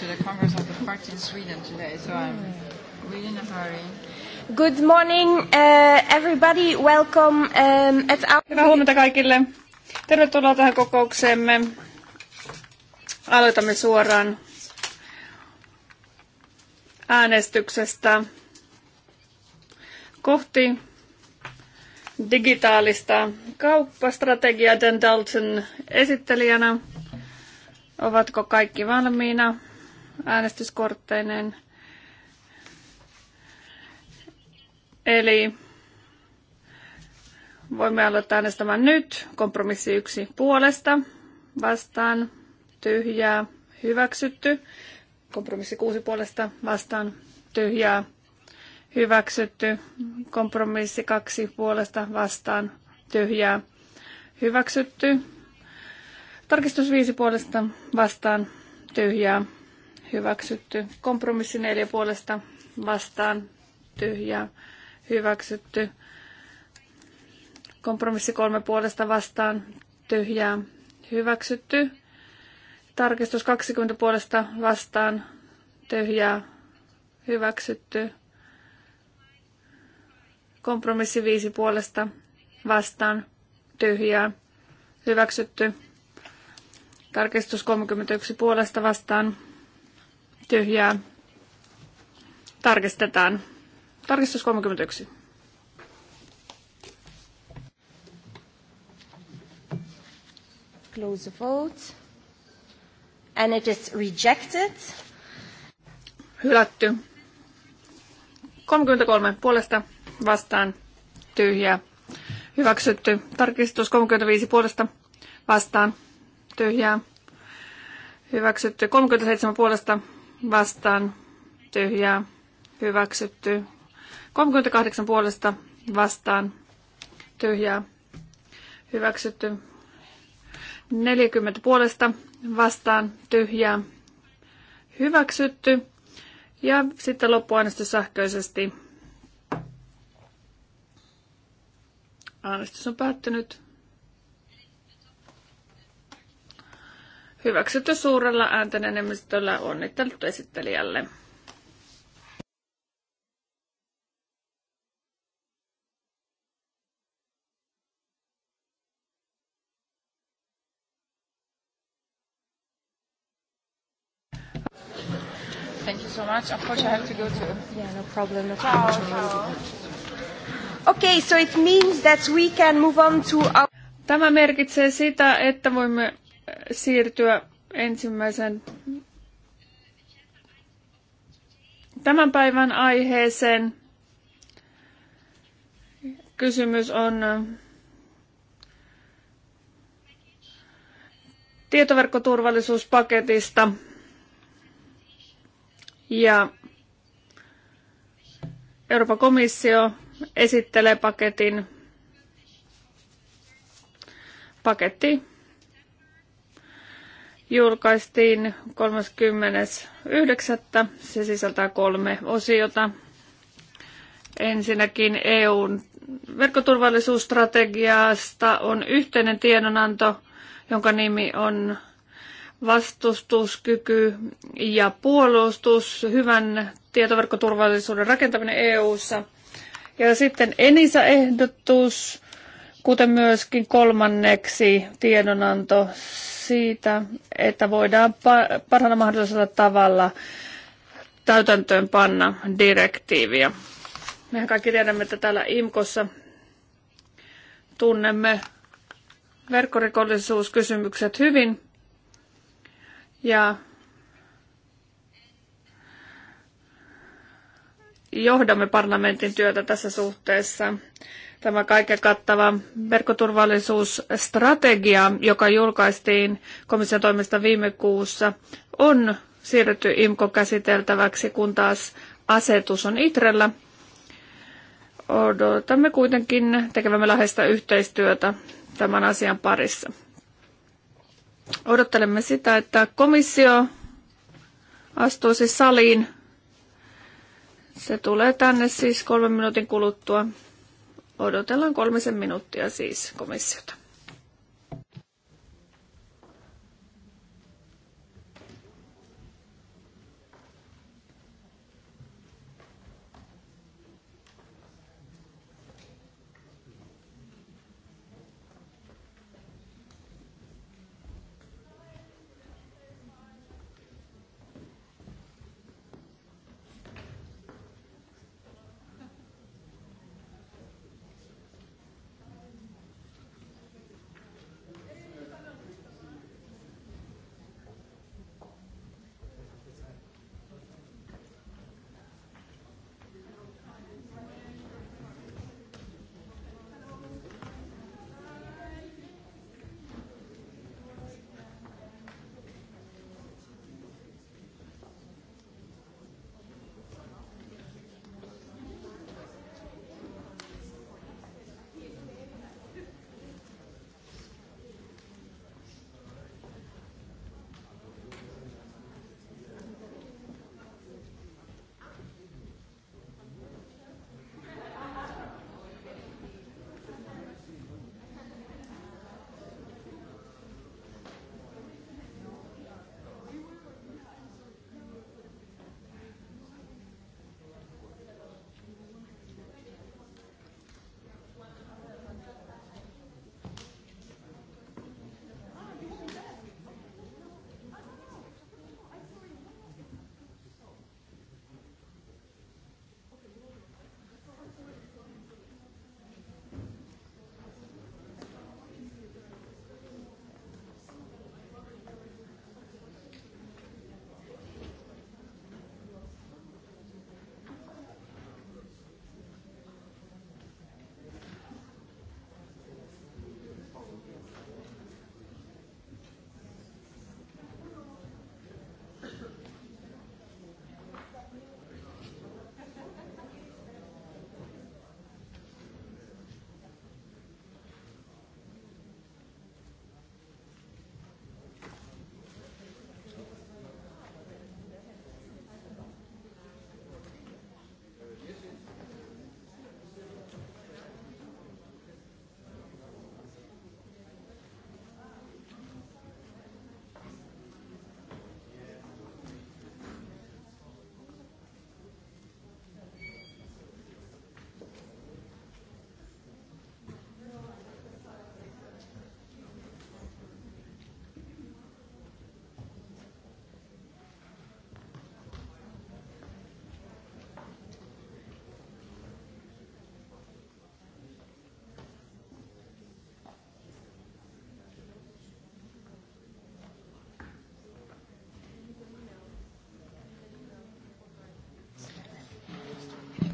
to the Congress of the Party in Sweden today, so I'm really in a hurry. Good morning uh, everybody, welcome um, at our... Hyvää huomenta kaikille. Tervetuloa tähän kokoukseemme. Aloitamme suoraan äänestyksestä kohti digitaalista kauppastrategiaa. Dan Dalton esittelijänä. Ovatko kaikki valmiina? äänestyskortteineen. Eli voimme aloittaa äänestämään nyt. Kompromissi yksi puolesta, vastaan, tyhjää, hyväksytty. Kompromissi kuusi puolesta, vastaan, tyhjää, hyväksytty. Kompromissi kaksi puolesta, vastaan, tyhjää, hyväksytty. Tarkistus viisi puolesta, vastaan, tyhjää, hyväksytty. Kompromissi neljä puolesta vastaan tyhjää hyväksytty. Kompromissi kolme puolesta vastaan tyhjää hyväksytty. Tarkistus 20 puolesta vastaan tyhjää hyväksytty. Kompromissi viisi puolesta vastaan tyhjää hyväksytty. Tarkistus 31 puolesta vastaan tyhjää. Tarkistetaan. Tarkistus 31. Close the vote. And it is rejected. Hylätty. 33 puolesta vastaan tyhjää. Hyväksytty. Tarkistus 35 puolesta vastaan tyhjää. Hyväksytty. 37 puolesta vastaan tyhjää hyväksytty. 38 puolesta vastaan tyhjää hyväksytty. 40 puolesta vastaan tyhjää hyväksytty. Ja sitten loppuäänestys sähköisesti. Äänestys on päättynyt. Hyväksytty suurella äänten enemmistöllä onnittelut esittelijälle. Thank you so much. Of course, I have to go to. Yeah, no problem. No problem. Ciao, ciao. Okay, so it means that we can move on to our... Tämä merkitsee sitä, että voimme siirtyä ensimmäisen tämän päivän aiheeseen. Kysymys on tietoverkkoturvallisuuspaketista ja Euroopan komissio esittelee paketin. Paketti julkaistiin 30.9. Se sisältää kolme osiota. Ensinnäkin EUn verkkoturvallisuusstrategiasta on yhteinen tiedonanto, jonka nimi on vastustuskyky ja puolustus, hyvän tietoverkkoturvallisuuden rakentaminen EU:ssa. Ja sitten Enisa-ehdotus, kuten myöskin kolmanneksi tiedonanto siitä, että voidaan parhaalla mahdollisella tavalla täytäntöön panna direktiiviä. Mehän kaikki tiedämme, että täällä IMKossa tunnemme verkkorikollisuuskysymykset hyvin. Ja johdamme parlamentin työtä tässä suhteessa tämä kaiken kattava verkkoturvallisuusstrategia, joka julkaistiin komission toimesta viime kuussa, on siirretty IMKO-käsiteltäväksi, kun taas asetus on ITREllä. Odotamme kuitenkin tekevämme läheistä yhteistyötä tämän asian parissa. Odottelemme sitä, että komissio astuisi saliin. Se tulee tänne siis kolmen minuutin kuluttua. Odotellaan kolmisen minuuttia siis komissiota.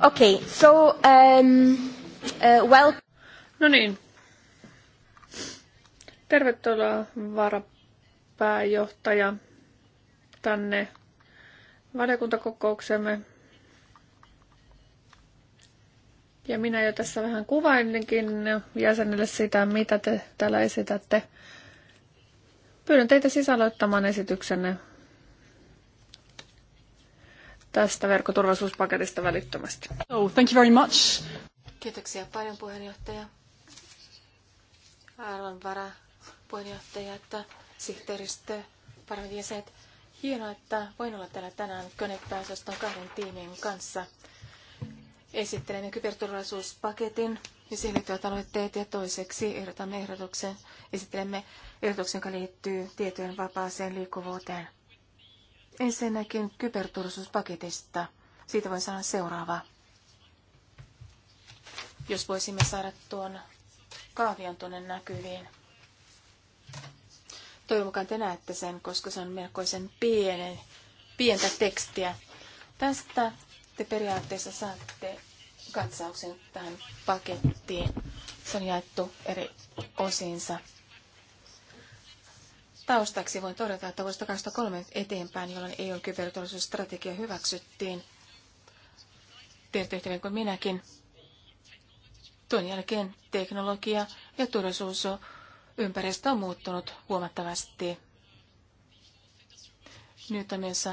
Okei, okay, so, um, uh, well... No niin. Tervetuloa varapääjohtaja tänne valiokuntakokouksemme. Ja minä jo tässä vähän kuvailinkin jäsenille sitä, mitä te täällä esitätte. Pyydän teitä sisällöittämään esityksenne tästä verkkoturvallisuuspaketista välittömästi. Oh, thank you very much. Kiitoksia paljon puheenjohtaja. Arvon vara puheenjohtaja, että sihteeristö, parhaat jäsenet. Hienoa, että voin olla täällä tänään konepääsoston kahden tiimin kanssa. Esittelen kyberturvallisuuspaketin ja siihen liittyvät aloitteet ja toiseksi ehdotamme ehdotuksen, esittelemme ehdotuksen, joka liittyy tietojen vapaaseen liikkuvuuteen. Ensinnäkin kyberturvallisuuspaketista. Siitä voin sanoa seuraavaa. Jos voisimme saada tuon kaavion tuonne näkyviin. Toivon mukaan te näette sen, koska se on melkoisen pienen, pientä tekstiä. Tästä te periaatteessa saatte katsauksen tähän pakettiin. Se on jaettu eri osiinsa. Taustaksi voin todeta, että vuodesta 2003 eteenpäin, jolloin EUn kyberturvallisuusstrategia hyväksyttiin, tiedätte yhtä niin kuin minäkin, tuon jälkeen teknologia ja turvallisuusympäristö on muuttunut huomattavasti. Nyt on myös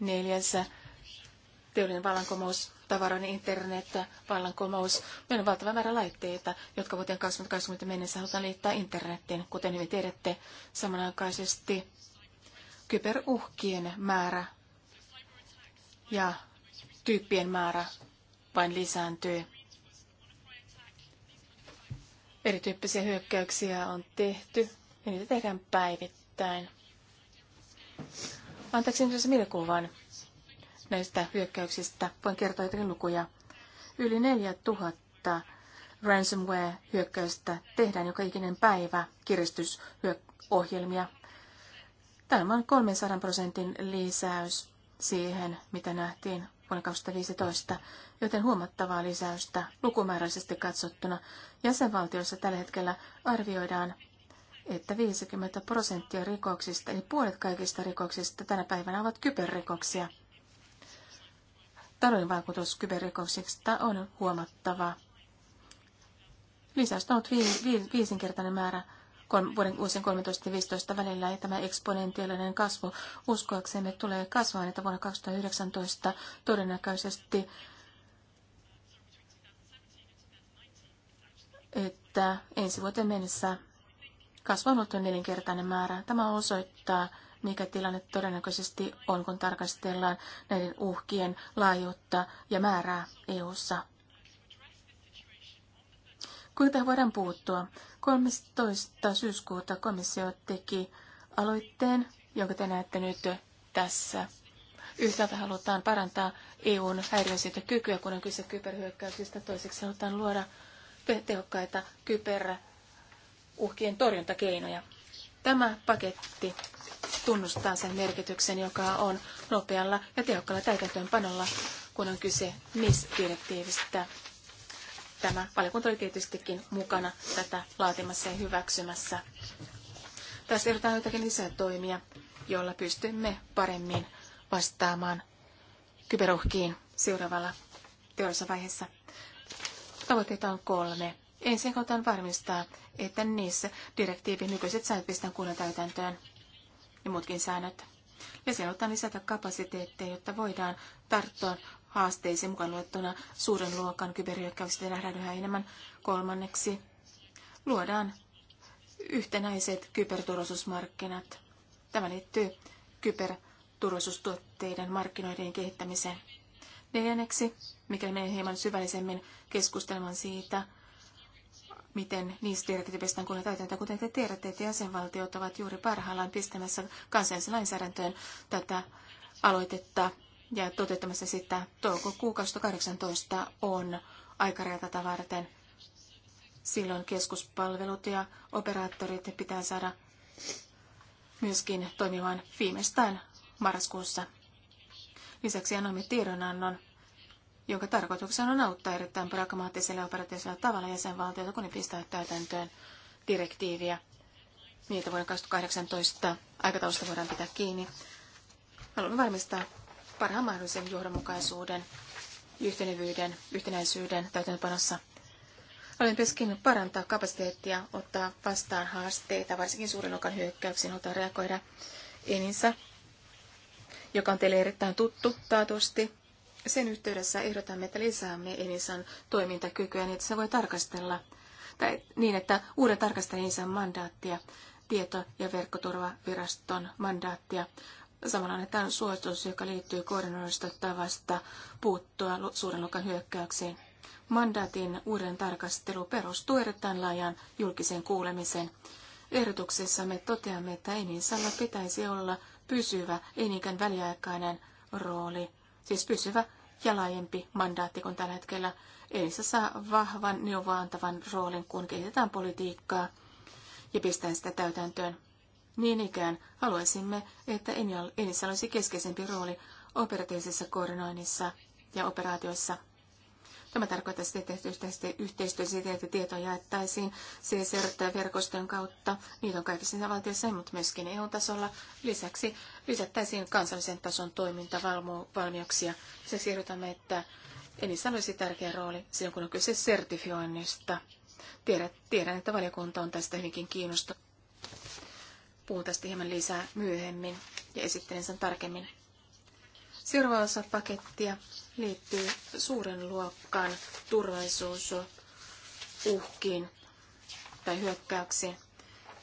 neljässä teollinen vallankumous tavaran internet, vallankumous. Meillä on valtava määrä laitteita, jotka vuoteen 2020 mennessä halutaan liittää internettiin. Kuten hyvin tiedätte, samanaikaisesti kyberuhkien määrä ja tyyppien määrä vain lisääntyy. Erityyppisiä hyökkäyksiä on tehty ja niitä tehdään päivittäin. Anteeksi nyt mielikuvan näistä hyökkäyksistä. Voin kertoa jotakin lukuja. Yli 4000 ransomware-hyökkäystä tehdään joka ikinen päivä kiristysohjelmia. Tämä on 300 prosentin lisäys siihen, mitä nähtiin vuonna 2015, joten huomattavaa lisäystä lukumääräisesti katsottuna. Jäsenvaltioissa tällä hetkellä arvioidaan, että 50 prosenttia rikoksista, eli puolet kaikista rikoksista tänä päivänä ovat kyberrikoksia. Talouden vaikutus kyberrikoksista on huomattava. Lisäystä on ollut vi- vi- viisinkertainen määrä vuoden 2013-2015 välillä, ja tämä eksponentiaalinen kasvu uskoaksemme tulee kasvamaan, että vuonna 2019 todennäköisesti että ensi vuoteen mennessä kasvanut on nelinkertainen määrä. Tämä osoittaa, mikä tilanne todennäköisesti on, kun tarkastellaan näiden uhkien laajuutta ja määrää EU:ssa. Kuinka tähän voidaan puuttua? 13. syyskuuta komissio teki aloitteen, jonka te näette nyt tässä. Yhtäältä halutaan parantaa EUn häiriönsietokykyä, kun on kyse kyberhyökkäyksistä. Toiseksi halutaan luoda tehokkaita kyberuhkien torjuntakeinoja. Tämä paketti tunnustaa sen merkityksen, joka on nopealla ja tehokkaalla täytäntöönpanolla, kun on kyse NIS-direktiivistä. Tämä valiokunta oli tietystikin mukana tätä laatimassa ja hyväksymässä. Tässä ehdotetaan jotakin lisää toimia, joilla pystymme paremmin vastaamaan kyberuhkiin seuraavalla teollisessa vaiheessa. Tavoitteita on kolme. Ensin koitan varmistaa, että niissä direktiivin nykyiset säännöt pistetään kunnan täytäntöön ja muutkin säännöt. Ja siellä lisätä kapasiteetteja, jotta voidaan tarttua haasteisiin mukaan luettuna suuren luokan kyberhyökkäykset ja nähdään yhä enemmän kolmanneksi. Luodaan yhtenäiset kyberturvallisuusmarkkinat. Tämä liittyy kyberturvallisuustuotteiden markkinoiden kehittämiseen. Neljänneksi, mikä menee hieman syvällisemmin keskustelemaan siitä, miten niistä direktiivistä on kunnon täytäntöön. Kuten te tiedätte, että jäsenvaltiot ovat juuri parhaillaan pistämässä kansalliseen lainsäädäntöön tätä aloitetta ja toteuttamassa sitä toukokuun 2018 on aikaraja tätä varten. Silloin keskuspalvelut ja operaattorit pitää saada myöskin toimimaan viimeistään marraskuussa. Lisäksi annoimme tiedonannon jonka tarkoituksena on auttaa erittäin pragmaattisella ja operatiivisella tavalla jäsenvaltioita, kun ne pistävät täytäntöön direktiiviä. Niitä vuoden 2018 aikataulusta voidaan pitää kiinni. Haluamme varmistaa parhaan mahdollisen johdonmukaisuuden, yhtenevyyden, yhtenäisyyden täytäntöpanossa. Olen myöskin parantaa kapasiteettia, ottaa vastaan haasteita, varsinkin suurin luokan hyökkäyksiin, ottaa reagoida eninsä, joka on teille erittäin tuttu taatusti sen yhteydessä ehdotamme, että lisäämme Elisan toimintakykyä niin, että se voi tarkastella tai niin, että uuden tarkastajan mandaattia, tieto- ja verkkoturvaviraston mandaattia. Samalla annetaan suositus, joka liittyy koordinoistettavasta puuttua suuren luokan hyökkäyksiin. Mandaatin uuden tarkastelu perustuu erittäin laajan julkiseen kuulemiseen. Ehdotuksessa me toteamme, että Enisalla pitäisi olla pysyvä, ei väliaikainen rooli siis pysyvä ja laajempi mandaatti kuin tällä hetkellä. Elisa saa vahvan neuvoantavan roolin, kun kehitetään politiikkaa ja pistetään sitä täytäntöön. Niin ikään haluaisimme, että Enissä olisi keskeisempi rooli operatiivisessa koordinoinnissa ja operaatioissa. Tämä tarkoittaa sitä, että yhteistyössä sitä, että tieto jaettaisiin CSR-verkostojen kautta. Niitä on kaikissa valtioissa, mutta myöskin EU-tasolla. Lisäksi lisättäisiin kansallisen tason toimintavalmiuksia. Se ehdotamme, että Enissä olisi tärkeä rooli silloin, kun on kyse sertifioinnista. Tiedän, tiedän että valiokunta on tästä hyvinkin kiinnostunut. Puhun tästä hieman lisää myöhemmin ja esittelen sen tarkemmin. Seuraava osa pakettia liittyy suuren luokkaan turvallisuusuhkiin tai hyökkäyksiin.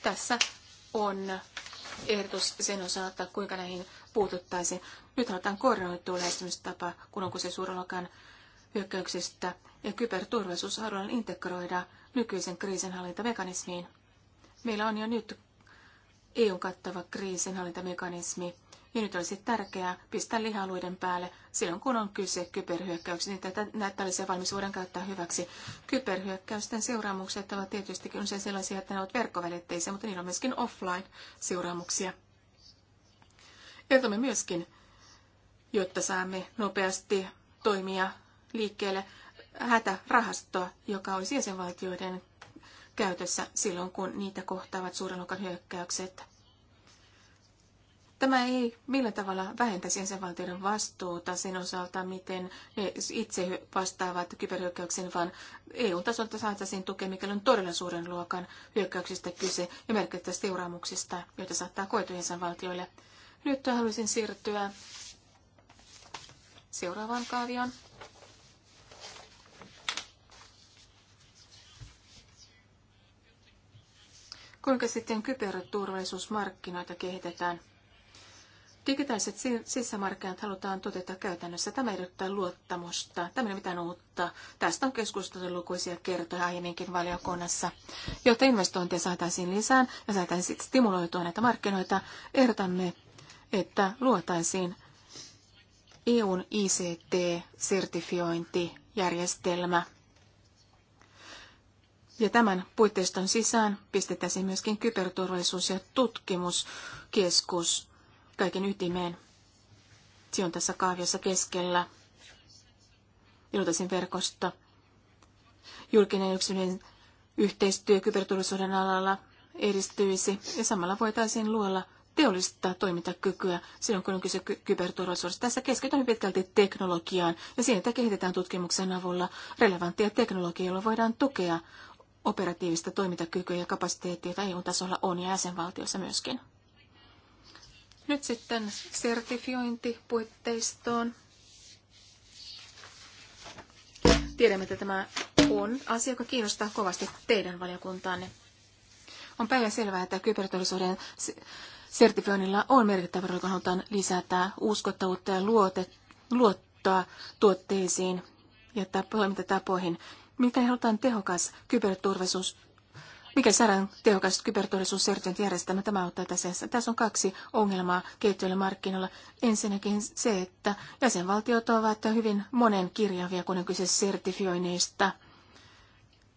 Tässä on ehdotus sen osalta, kuinka näihin puututtaisiin. Nyt halutaan koordinoitua lähestymistapa, kun on kyse suuren luokan hyökkäyksistä, ja kyberturvallisuus halutaan integroida nykyisen kriisinhallintamekanismiin. Meillä on jo nyt eu kattava kriisinhallintamekanismi, ja nyt olisi tärkeää pistää lihaluiden päälle silloin, kun on kyse kyberhyökkäyksistä. Niin tätä tällaisia valmis voidaan käyttää hyväksi. Kyberhyökkäysten seuraamukset ovat tietystikin usein sellaisia, että ne ovat verkkovälitteisiä, mutta niillä on myöskin offline-seuraamuksia. Ehdotamme myöskin, jotta saamme nopeasti toimia liikkeelle hätärahastoa, joka olisi jäsenvaltioiden käytössä silloin, kun niitä kohtaavat suuren hyökkäykset. Tämä ei millä tavalla vähentäisi jäsenvaltioiden vastuuta sen osalta, miten ne itse vastaavat kyberhyökkäyksen, vaan EU-tasolta saataisiin tukea, mikäli on todella suuren luokan hyökkäyksistä kyse ja merkittävistä seuraamuksista, joita saattaa koitua jäsenvaltioille. Nyt haluaisin siirtyä seuraavaan kaavioon. Kuinka sitten kyberturvallisuusmarkkinoita kehitetään? Digitaaliset sisämarkkinat halutaan toteuttaa käytännössä. Tämä edellyttää luottamusta. Tämä ei ole mitään uutta. Tästä on keskusteltu lukuisia kertoja aiemminkin valiokunnassa. Jotta investointia saataisiin lisään ja saataisiin stimuloitua näitä markkinoita, ehdotamme, että luotaisiin EUn ICT-sertifiointijärjestelmä. Ja tämän puitteiston sisään pistettäisiin myöskin kyberturvallisuus- ja tutkimuskeskus kaiken ytimeen. Se on tässä kaaviossa keskellä. Iltaisin verkosto. Julkinen yksilöllinen yhteistyö kyberturvallisuuden alalla edistyisi ja samalla voitaisiin luolla teollista toimintakykyä silloin, kun on kyse kyberturvallisuudesta. Tässä keskitytään hyvin pitkälti teknologiaan ja siihen, että kehitetään tutkimuksen avulla relevanttia teknologiaa, jolla voidaan tukea operatiivista toimintakykyä ja kapasiteettia, jota EU-tasolla on ja jäsenvaltiossa myöskin. Nyt sitten sertifiointipuitteistoon. Tiedämme, että tämä on asia, joka kiinnostaa kovasti teidän valiokuntaanne. On päivän selvää, että kyberturvallisuuden sertifioinnilla on merkittävä rooli, kun halutaan lisätä uskottavuutta ja luote, luottoa tuotteisiin ja toimintatapoihin. Miten halutaan tehokas kyberturvallisuus, mikä saadaan tehokas järjestelmä Tämä auttaa tässä. Tässä on kaksi ongelmaa kehittyvillä markkinoilla. Ensinnäkin se, että jäsenvaltiot ovat hyvin monen kirjavia, kun on kyse sertifioinneista.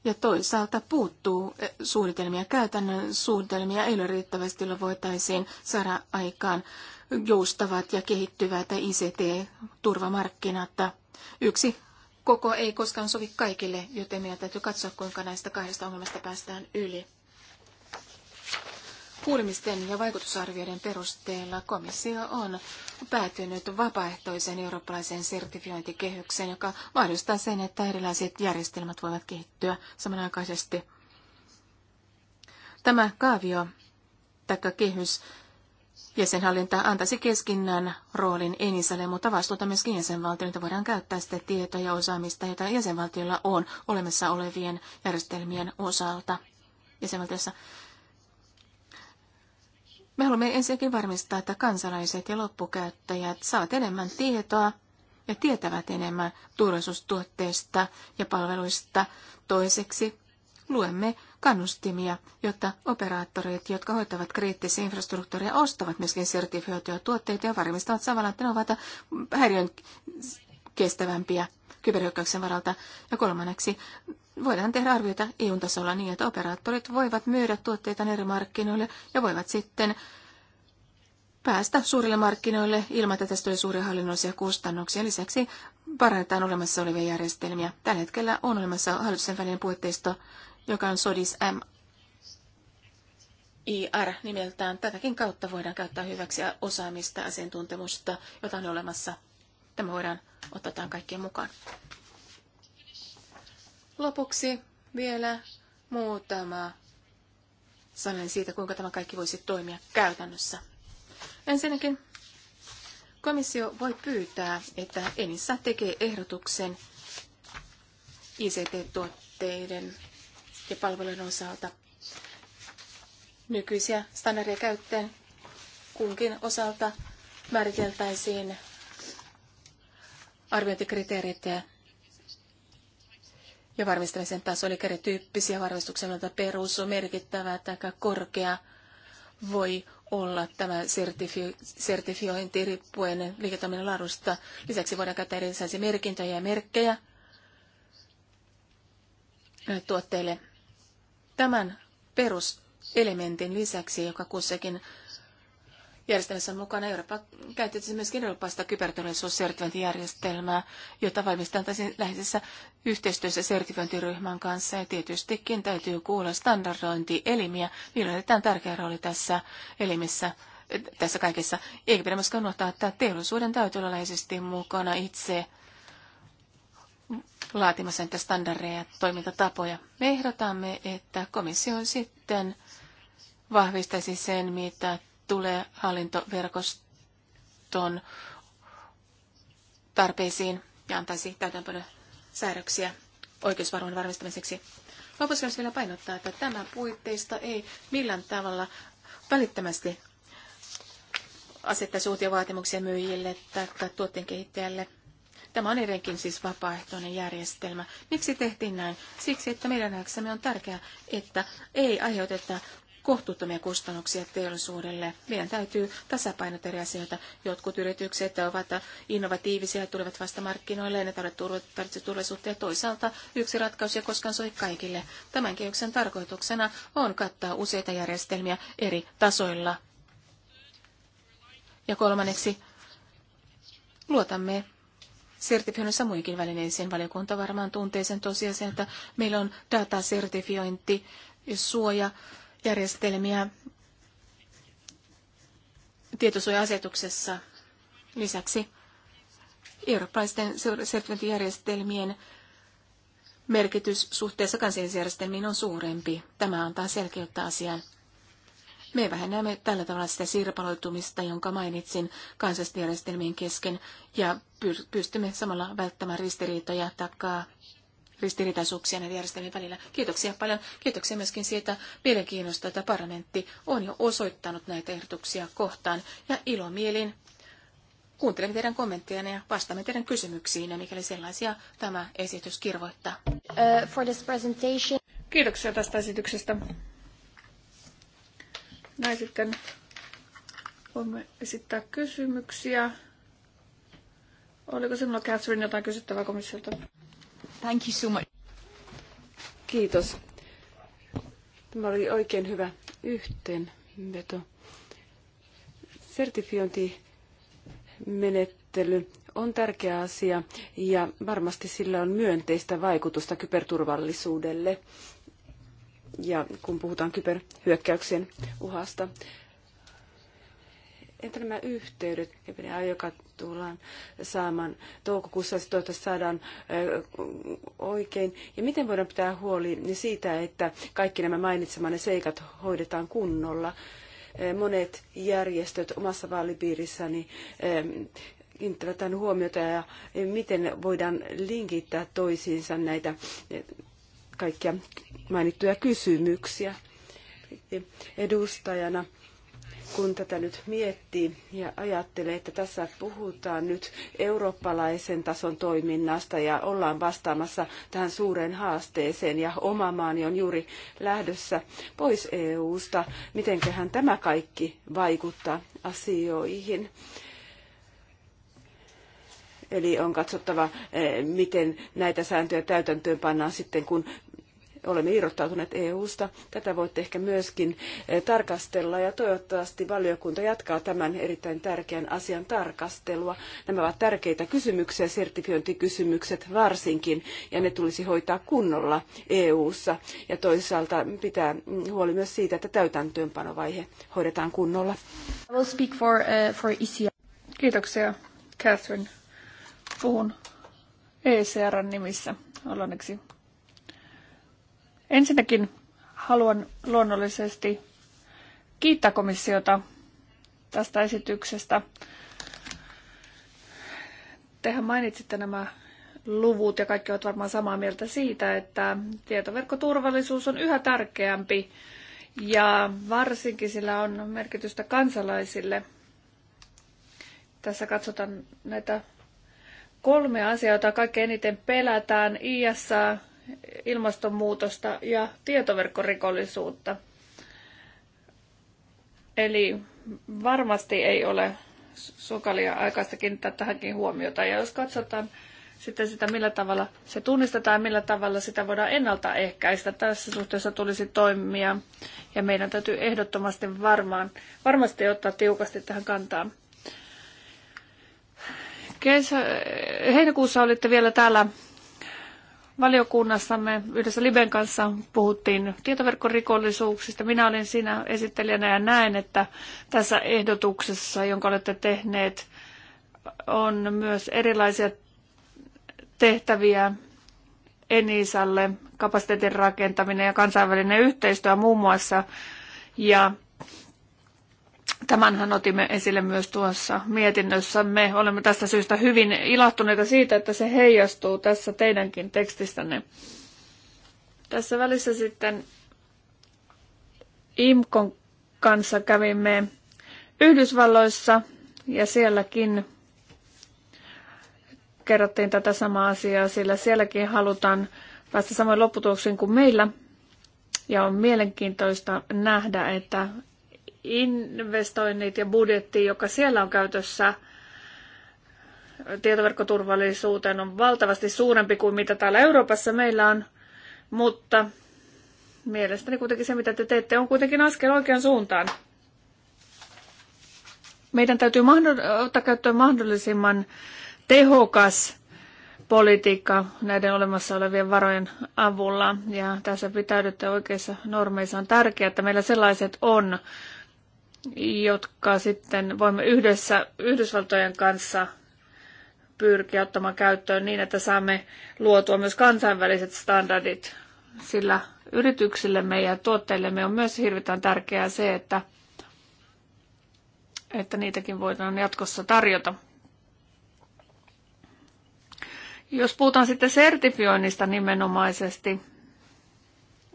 Ja toisaalta puuttuu eh, suunnitelmia, käytännön suunnitelmia ei ole riittävästi, jolla voitaisiin saada aikaan joustavat ja kehittyvät ICT-turvamarkkinat. Yksi koko ei koskaan sovi kaikille, joten meidän täytyy katsoa, kuinka näistä kahdesta ongelmasta päästään yli. Kuulemisten ja vaikutusarvioiden perusteella komissio on päätynyt vapaaehtoiseen eurooppalaiseen sertifiointikehykseen, joka mahdollistaa sen, että erilaiset järjestelmät voivat kehittyä samanaikaisesti. Tämä kaavio tai kehys Jäsenhallinta antaisi keskinnän roolin Enisalle, mutta vastuuta myöskin jäsenvaltioita voidaan käyttää sitä tietoa ja osaamista, jota jäsenvaltioilla on olemassa olevien järjestelmien osalta jäsenvaltiossa. Me haluamme ensinnäkin varmistaa, että kansalaiset ja loppukäyttäjät saavat enemmän tietoa ja tietävät enemmän turvallisuustuotteista ja palveluista. Toiseksi luemme kannustimia, jotta operaattorit, jotka hoitavat kriittisiä infrastruktuuria, ostavat myöskin sertifioituja tuotteita ja varmistavat samalla, että ne ovat häiriön kestävämpiä kyberhyökkäyksen varalta. Ja kolmanneksi voidaan tehdä arvioita EU-tasolla niin, että operaattorit voivat myydä tuotteita eri markkinoille ja voivat sitten päästä suurille markkinoille ilman, että tästä tulee suuria hallinnollisia kustannuksia. Lisäksi parannetaan olemassa olevia järjestelmiä. Tällä hetkellä on olemassa hallituksen välinen puitteisto joka on Sodis M. IR nimeltään. Tätäkin kautta voidaan käyttää hyväksi osaamista ja asiantuntemusta, jota on olemassa. Tämä voidaan ottaa kaikkien mukaan. Lopuksi vielä muutama sanan siitä, kuinka tämä kaikki voisi toimia käytännössä. Ensinnäkin komissio voi pyytää, että Enissa tekee ehdotuksen ICT-tuotteiden ja palvelujen osalta. Nykyisiä standardeja käyttäen kunkin osalta määriteltäisiin arviointikriteerit ja varmistamisen taso, eli kerityyppisiä varmistuksen noita perus on merkittävä tai korkea voi olla tämä sertifio, sertifiointi riippuen liiketoiminnan laadusta. Lisäksi voidaan käyttää erilaisia merkintöjä ja merkkejä tuotteille Tämän peruselementin lisäksi, joka kussakin järjestelmässä mukana Eurooppa käytetään myöskin eurooppaista kyberturvallisuussertifiointijärjestelmää, jota valmistetaan läheisessä yhteistyössä sertifiointiryhmän kanssa ja tietystikin täytyy kuulla standardointielimiä. Niillä on tärkeä rooli tässä elimissä tässä kaikessa. Eikä pidä myöskään unohtaa, että teollisuuden täytyy olla läheisesti mukana itse laatimassa niitä standardeja ja toimintatapoja. Me ehdotamme, että komissio sitten vahvistaisi sen, mitä tulee hallintoverkoston tarpeisiin ja antaisi täytäntöön säädöksiä oikeusvarmuuden varmistamiseksi. Lopuksi myös vielä painottaa, että tämä puitteista ei millään tavalla välittömästi asettaisi uutia vaatimuksia myyjille tai tuotteen kehittäjälle – Tämä on edelleenkin siis vapaaehtoinen järjestelmä. Miksi tehtiin näin? Siksi, että meidän nähdäksemme on tärkeää, että ei aiheuteta kohtuuttomia kustannuksia teollisuudelle. Meidän täytyy tasapainotella eri asioita. Jotkut yritykset ovat innovatiivisia ja tulevat vasta markkinoille, ne tarvitsevat turvallisuutta ja toisaalta yksi ratkaisu ei koskaan soi kaikille. Tämän kehyksen tarkoituksena on kattaa useita järjestelmiä eri tasoilla. Ja kolmanneksi, luotamme sertifioinnin samoinkin välineisiin. Valiokunta varmaan tuntee sen tosiasian, että meillä on datasertifiointi, suojajärjestelmiä tietosuoja-asetuksessa. Lisäksi eurooppalaisten sertifiointijärjestelmien merkitys suhteessa kansallisjärjestelmiin on suurempi. Tämä antaa selkeyttä asiaan. Me vähennämme tällä tavalla sitä sirpaloitumista, jonka mainitsin kansallisten kesken, ja pystymme samalla välttämään ristiriitoja takaa ristiriitaisuuksia näiden järjestelmien välillä. Kiitoksia paljon. Kiitoksia myöskin siitä mielenkiinnosta, että parlamentti on jo osoittanut näitä ehdotuksia kohtaan. Ja ilomielin kuuntelemme teidän kommenttejanne ja vastaamme teidän kysymyksiin, ja mikäli sellaisia tämä esitys kirvoittaa. Uh, for this presentation. Kiitoksia tästä esityksestä. Näin sitten voimme esittää kysymyksiä. Oliko sinulla Catherine jotain kysyttävää komissiolta? Thank you so much. Kiitos. Tämä oli oikein hyvä yhteenveto. Sertifiointimenettely on tärkeä asia ja varmasti sillä on myönteistä vaikutusta kyberturvallisuudelle ja kun puhutaan kyberhyökkäyksien uhasta. Entä nämä yhteydet, joka tullaan saamaan toukokuussa, se toivottavasti saadaan oikein. Ja miten voidaan pitää huoli siitä, että kaikki nämä mainitsemanne seikat hoidetaan kunnolla. Monet järjestöt omassa vaalipiirissäni kiinnittävät tämän huomiota ja miten voidaan linkittää toisiinsa näitä kaikkia mainittuja kysymyksiä edustajana kun tätä nyt miettii ja ajattelee, että tässä puhutaan nyt eurooppalaisen tason toiminnasta ja ollaan vastaamassa tähän suureen haasteeseen ja oma maani on juuri lähdössä pois EU-sta. Mitenköhän tämä kaikki vaikuttaa asioihin? Eli on katsottava, eh, miten näitä sääntöjä täytäntöön pannaan sitten, kun olemme irrottautuneet EU-sta. Tätä voitte ehkä myöskin eh, tarkastella ja toivottavasti valiokunta jatkaa tämän erittäin tärkeän asian tarkastelua. Nämä ovat tärkeitä kysymyksiä, sertifiointikysymykset varsinkin, ja ne tulisi hoitaa kunnolla EU-ssa. Ja toisaalta pitää mm, huoli myös siitä, että täytäntöönpanovaihe hoidetaan kunnolla. I will speak for, uh, for ECR. Kiitoksia, Catherine. Puhun ECRn nimissä. Olen Ensinnäkin haluan luonnollisesti kiittää komissiota tästä esityksestä. Tehän mainitsitte nämä luvut ja kaikki ovat varmaan samaa mieltä siitä, että tietoverkkoturvallisuus on yhä tärkeämpi ja varsinkin sillä on merkitystä kansalaisille. Tässä katsotaan näitä kolme asiaa, joita kaikkein eniten pelätään. ISA, ilmastonmuutosta ja tietoverkkorikollisuutta. Eli varmasti ei ole sukalia aikaista kiinnittää tähänkin huomiota. Ja jos katsotaan sitten sitä, millä tavalla se tunnistetaan ja millä tavalla sitä voidaan ennaltaehkäistä. Tässä suhteessa tulisi toimia ja meidän täytyy ehdottomasti varmaan, varmasti ottaa tiukasti tähän kantaa. Kesä, heinäkuussa olitte vielä täällä valiokunnassamme yhdessä Liben kanssa puhuttiin tietoverkkorikollisuuksista. Minä olin siinä esittelijänä ja näen, että tässä ehdotuksessa, jonka olette tehneet, on myös erilaisia tehtäviä Enisalle, kapasiteetin rakentaminen ja kansainvälinen yhteistyö muun muassa. Ja Tämänhän otimme esille myös tuossa mietinnössä. Me olemme tästä syystä hyvin ilahtuneita siitä, että se heijastuu tässä teidänkin tekstistänne. Tässä välissä sitten IMKon kanssa kävimme Yhdysvalloissa ja sielläkin kerrottiin tätä samaa asiaa, sillä sielläkin halutaan päästä samoin lopputuloksiin kuin meillä. Ja on mielenkiintoista nähdä, että investoinnit ja budjetti, joka siellä on käytössä tietoverkkoturvallisuuteen, on valtavasti suurempi kuin mitä täällä Euroopassa meillä on, mutta mielestäni kuitenkin se, mitä te teette, on kuitenkin askel oikean suuntaan. Meidän täytyy ottaa käyttöön mahdollisimman tehokas politiikka näiden olemassa olevien varojen avulla. Ja tässä pitäydytte oikeissa normeissa. On tärkeää, että meillä sellaiset on, jotka sitten voimme yhdessä Yhdysvaltojen kanssa pyrkiä ottamaan käyttöön niin, että saamme luotua myös kansainväliset standardit, sillä yrityksillemme ja tuotteillemme on myös hirvittävän tärkeää se, että, että niitäkin voidaan jatkossa tarjota. Jos puhutaan sitten sertifioinnista nimenomaisesti,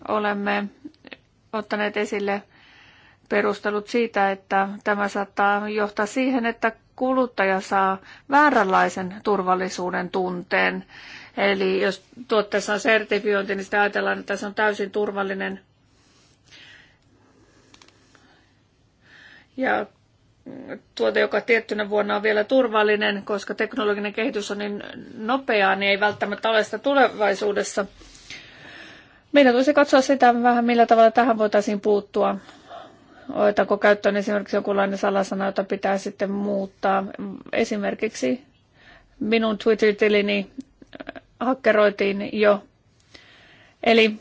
olemme ottaneet esille perustelut siitä, että tämä saattaa johtaa siihen, että kuluttaja saa vääränlaisen turvallisuuden tunteen. Eli jos tuotteessa on sertifiointi, niin sitä ajatellaan, että se on täysin turvallinen. Ja tuote, joka tiettynä vuonna on vielä turvallinen, koska teknologinen kehitys on niin nopeaa, niin ei välttämättä ole sitä tulevaisuudessa. Meidän tulisi katsoa sitä vähän, millä tavalla tähän voitaisiin puuttua otetaanko käyttöön esimerkiksi jokinlainen salasana, jota pitää sitten muuttaa. Esimerkiksi minun Twitter-tilini äh, hakkeroitiin jo. Eli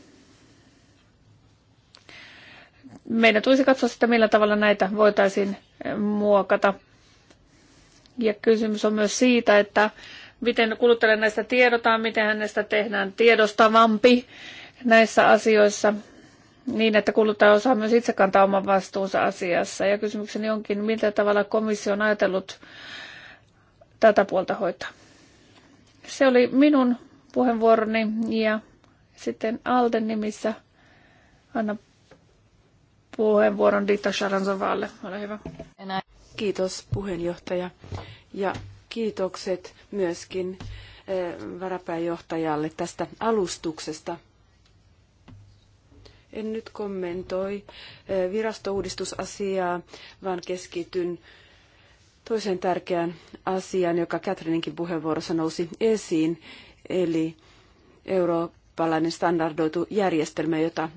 meidän tulisi katsoa sitä, millä tavalla näitä voitaisiin äh, muokata. Ja kysymys on myös siitä, että miten kuluttajalle näistä tiedotaan, miten hänestä tehdään tiedostavampi näissä asioissa – niin, että kuluttaja osaa myös itse kantaa oman vastuunsa asiassa. Ja kysymykseni onkin, miltä tavalla komissio on ajatellut tätä puolta hoitaa. Se oli minun puheenvuoroni ja sitten Alden nimissä anna puheenvuoron Dita Sharansovalle. Ole hyvä. Kiitos puheenjohtaja ja kiitokset myöskin eh, varapääjohtajalle tästä alustuksesta en nyt kommentoi eh, virastouudistusasiaa, vaan keskityn toiseen tärkeään asiaan, joka Katrininkin puheenvuorossa nousi esiin, eli eurooppalainen standardoitu järjestelmä, jota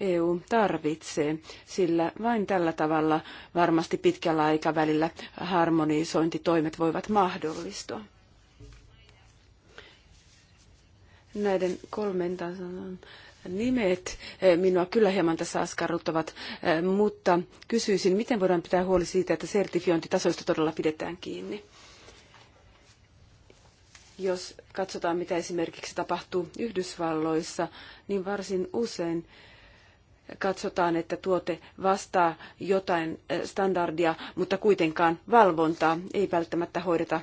EU tarvitsee, sillä vain tällä tavalla varmasti pitkällä aikavälillä harmonisointitoimet voivat mahdollistua. Näiden kolmen tason nimet eh, minua kyllä hieman tässä askarruttavat, eh, mutta kysyisin, miten voidaan pitää huoli siitä, että sertifiointitasoista todella pidetään kiinni? Jos katsotaan, mitä esimerkiksi tapahtuu Yhdysvalloissa, niin varsin usein katsotaan, että tuote vastaa jotain eh, standardia, mutta kuitenkaan valvontaa ei välttämättä hoideta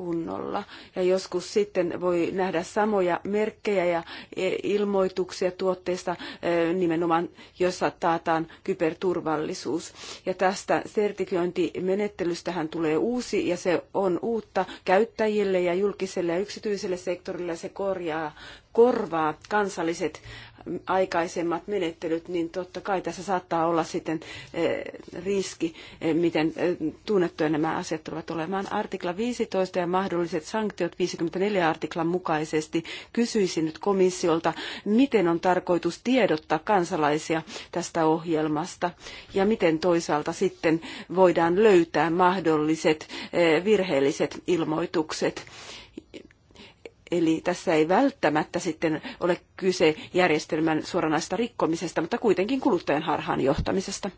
kunnolla. Ja joskus sitten voi nähdä samoja merkkejä ja e, ilmoituksia tuotteista e, nimenomaan, jossa taataan kyberturvallisuus. Ja tästä sertifiointimenettelystähän tulee uusi ja se on uutta käyttäjille ja julkiselle ja yksityiselle sektorille. Se korjaa korvaa kansalliset mm, aikaisemmat menettelyt, niin totta kai tässä saattaa olla sitten eh, riski, eh, miten eh, tunnettuja nämä asiat tulevat olemaan. Artikla 15 ja mahdolliset sanktiot 54 artiklan mukaisesti kysyisin nyt komissiolta, miten on tarkoitus tiedottaa kansalaisia tästä ohjelmasta ja miten toisaalta sitten voidaan löytää mahdolliset virheelliset ilmoitukset Eli tässä ei välttämättä sitten ole kyse järjestelmän suoranaista rikkomisesta, mutta kuitenkin kuluttajan harhaan johtamisesta.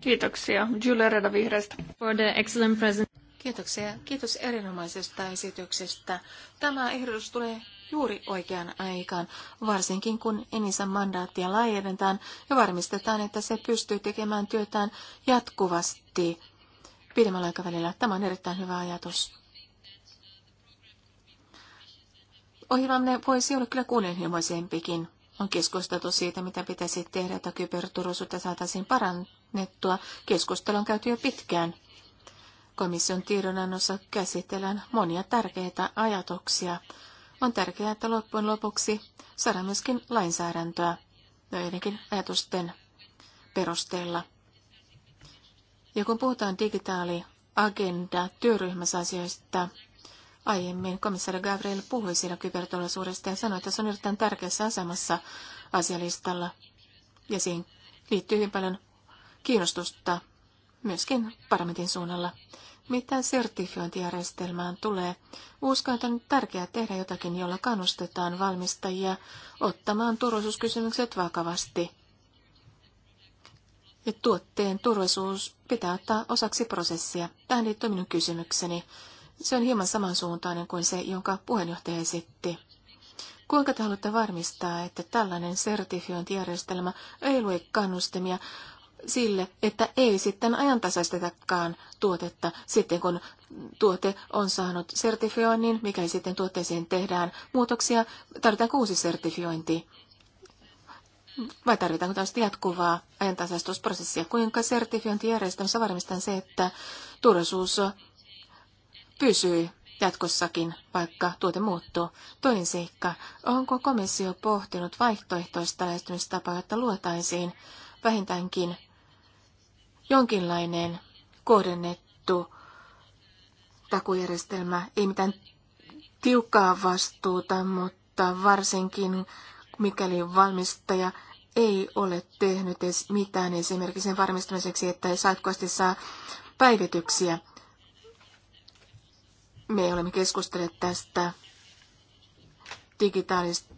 Kiitoksia. Julia Reda Vihreästä. For the excellent present. Kiitoksia. Kiitos erinomaisesta esityksestä. Tämä ehdotus tulee juuri oikeaan aikaan, varsinkin kun Enisan mandaattia laajennetaan ja varmistetaan, että se pystyy tekemään työtään jatkuvasti pidemmällä aikavälillä. Tämä on erittäin hyvä ajatus. ohjelmanne voisi olla kyllä kunnianhimoisempikin. On keskusteltu siitä, mitä pitäisi tehdä, että kyberturvallisuutta saataisiin parannettua. Keskustelu on käyty jo pitkään. Komission tiedonannossa käsitellään monia tärkeitä ajatuksia. On tärkeää, että loppujen lopuksi saadaan myöskin lainsäädäntöä joidenkin ajatusten perusteella. Ja kun puhutaan digitaali agenda työryhmässä asioista, Aiemmin komissaari Gabriel puhui siellä kyberturvallisuudesta ja sanoi, että se on erittäin tärkeässä asemassa asialistalla. Ja siihen liittyy hyvin paljon kiinnostusta myöskin parlamentin suunnalla. Mitä sertifiointijärjestelmään tulee, uskon, että on tärkeää tehdä jotakin, jolla kannustetaan valmistajia ottamaan turvallisuuskysymykset vakavasti. Ja tuotteen turvallisuus pitää ottaa osaksi prosessia. Tähän liittyy minun kysymykseni. Se on hieman samansuuntainen kuin se, jonka puheenjohtaja esitti. Kuinka te haluatte varmistaa, että tällainen sertifiointijärjestelmä ei lue kannustimia sille, että ei sitten ajantasaistetakaan tuotetta sitten, kun tuote on saanut sertifioinnin, mikäli sitten tuotteeseen tehdään muutoksia, tarvitaan uusi sertifiointi. Vai tarvitaanko tällaista jatkuvaa ajantasaistusprosessia? Kuinka sertifiointijärjestelmässä varmistetaan se, että turvallisuus pysyy jatkossakin, vaikka tuote muuttuu. Toinen seikka, onko komissio pohtinut vaihtoehtoista lähestymistapaa, että luotaisiin vähintäänkin jonkinlainen kohdennettu takujärjestelmä, ei mitään tiukkaa vastuuta, mutta varsinkin mikäli valmistaja ei ole tehnyt edes mitään esimerkiksi sen varmistamiseksi, että ei saatkoasti saa päivityksiä me olemme keskustelleet tästä digitaalista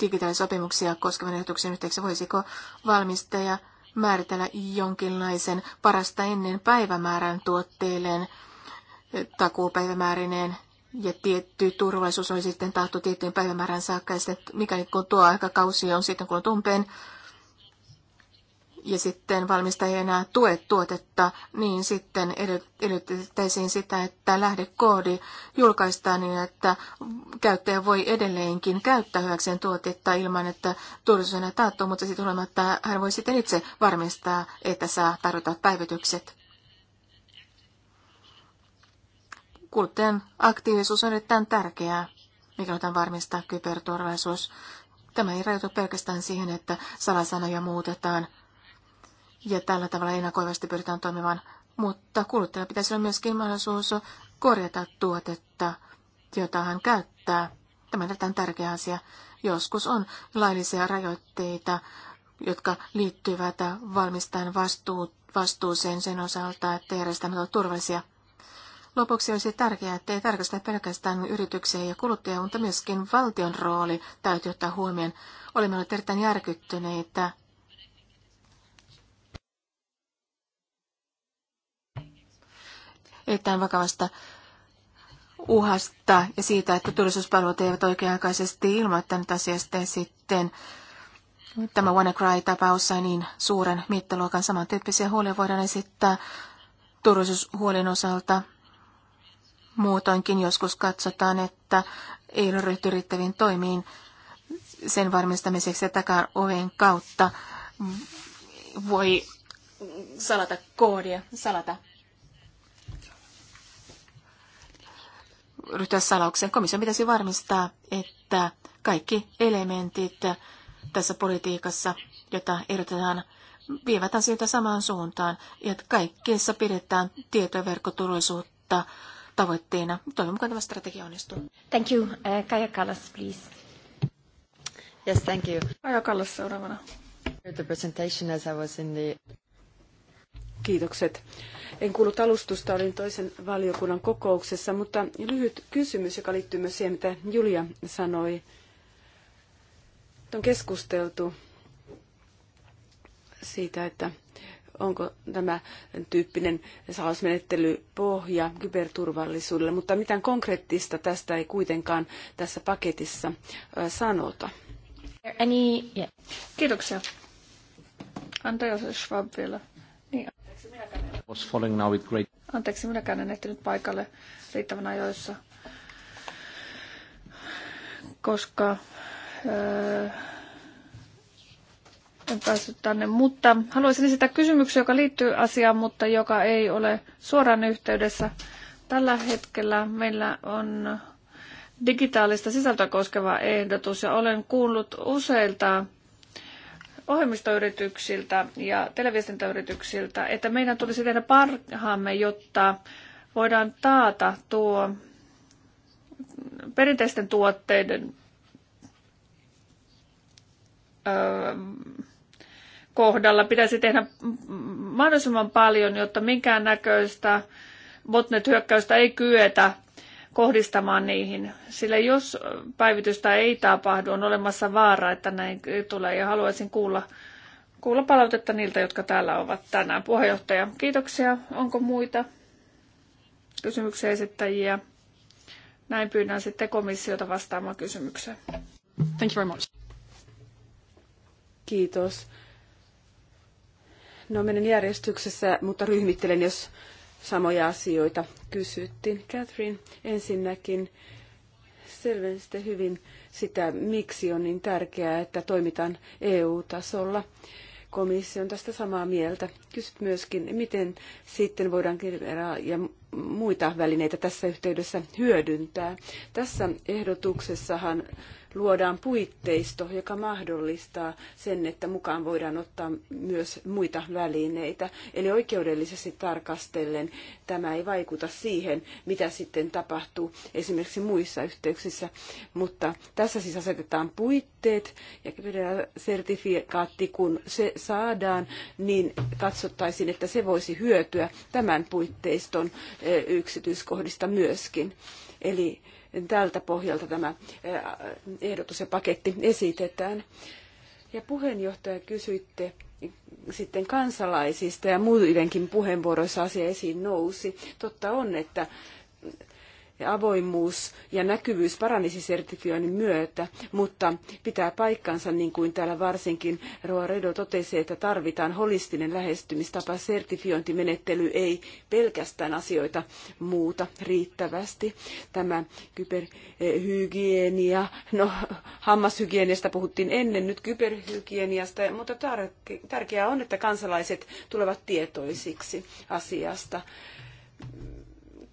digitaalisopimuksia koskevan ehdotuksen yhteydessä, voisiko valmistaja määritellä jonkinlaisen parasta ennen päivämäärän tuotteilleen takuupäivämäärineen ja tietty turvallisuus oli sitten tahto tiettyyn päivämäärään saakka, ja sitten mikäli kun tuo aikakausi on sitten kun on tumpeen, ja sitten valmista ei enää tue tuotetta, niin sitten edellytettäisiin sitä, että lähdekoodi julkaistaan niin, että käyttäjä voi edelleenkin käyttää hyväkseen tuotetta ilman, että turvallisuus on taattu, mutta sitten olematta hän voi sitten itse varmistaa, että saa tarjota päivitykset. Kuluttajan aktiivisuus on erittäin tärkeää, mikä otan varmistaa kyberturvallisuus. Tämä ei rajoitu pelkästään siihen, että salasanoja muutetaan – ja tällä tavalla ennakoivasti pyritään toimimaan, mutta kuluttajalla pitäisi olla myöskin mahdollisuus korjata tuotetta, jota hän käyttää. Tämä on tärkeä asia. Joskus on laillisia rajoitteita, jotka liittyvät valmistajan vastuu, vastuuseen sen osalta, että järjestelmät ovat turvallisia. Lopuksi olisi tärkeää, ei tarkasteta pelkästään yrityksiä ja kuluttajia, mutta myöskin valtion rooli täytyy ottaa huomioon. Olemme olleet erittäin järkyttyneitä erittäin vakavasta uhasta ja siitä, että turvallisuuspalvelut eivät oikea-aikaisesti ilmoittaneet asiasta ja sitten tämä WannaCry-tapaus sai niin suuren mittaluokan samantyyppisiä huolia voidaan esittää turvallisuushuolin osalta. Muutoinkin joskus katsotaan, että ei ole ryhty riittäviin toimiin sen varmistamiseksi, että oven kautta voi salata koodia, salata ryhtyä salaukseen. Komission pitäisi varmistaa, että kaikki elementit tässä politiikassa, jota ehdotetaan, vievät asioita samaan suuntaan ja että kaikkeessa pidetään tietoverkkoturvallisuutta tavoitteena. Toivon mukaan tämä strategia onnistuu. Thank you. Uh, Kaja Kallas, please. Yes, thank you. Kaja Kallas seuraavana. The presentation as I was in the... Kiitokset en kuullut alustusta, olin toisen valiokunnan kokouksessa, mutta lyhyt kysymys, joka liittyy myös siihen, mitä Julia sanoi. On keskusteltu siitä, että onko tämä tyyppinen salausmenettely pohja kyberturvallisuudelle, mutta mitään konkreettista tästä ei kuitenkaan tässä paketissa sanota. Any... Kiitoksia. Andreas Schwab vielä. Niin. Anteeksi, minäkään en ehtinyt paikalle riittävän ajoissa, koska öö, en päässyt tänne. Mutta haluaisin esittää kysymyksen, joka liittyy asiaan, mutta joka ei ole suoraan yhteydessä. Tällä hetkellä meillä on digitaalista sisältöä koskeva ehdotus ja olen kuullut useilta ohjelmistoyrityksiltä ja televiestintäyrityksiltä, että meidän tulisi tehdä parhaamme, jotta voidaan taata tuo perinteisten tuotteiden kohdalla pitäisi tehdä mahdollisimman paljon, jotta minkään näköistä botnet-hyökkäystä ei kyetä kohdistamaan niihin. Sillä jos päivitystä ei tapahdu, on olemassa vaara, että näin tulee ja haluaisin kuulla, kuulla palautetta niiltä, jotka täällä ovat tänään. Puheenjohtaja, kiitoksia. Onko muita kysymyksiä esittäjiä? Näin pyydän sitten komissiota vastaamaan kysymykseen. Thank you very much. Kiitos. No menen järjestyksessä, mutta ryhmittelen, jos samoja asioita kysyttiin. Catherine, ensinnäkin selvensitte hyvin sitä, miksi on niin tärkeää, että toimitaan EU-tasolla. Komissio on tästä samaa mieltä. Kysyt myöskin, miten sitten voidaan kirjaa ja muita välineitä tässä yhteydessä hyödyntää. Tässä ehdotuksessahan luodaan puitteisto, joka mahdollistaa sen, että mukaan voidaan ottaa myös muita välineitä. Eli oikeudellisesti tarkastellen tämä ei vaikuta siihen, mitä sitten tapahtuu esimerkiksi muissa yhteyksissä, mutta tässä siis asetetaan puitteet ja sertifikaatti, kun se saadaan, niin katsottaisiin, että se voisi hyötyä tämän puitteiston eh, yksityiskohdista myöskin. Eli tältä pohjalta tämä ehdotus ja paketti esitetään. Ja puheenjohtaja kysyitte sitten kansalaisista ja muidenkin puheenvuoroissa asia esiin nousi. Totta on, että avoimuus ja näkyvyys paranisi sertifioinnin myötä, mutta pitää paikkansa, niin kuin täällä varsinkin Roa Redo totesi, että tarvitaan holistinen lähestymistapa. Sertifiointimenettely ei pelkästään asioita muuta riittävästi. Tämä kyberhygienia, no hammashygieniasta puhuttiin ennen, nyt kyberhygieniasta, mutta tärkeää on, että kansalaiset tulevat tietoisiksi asiasta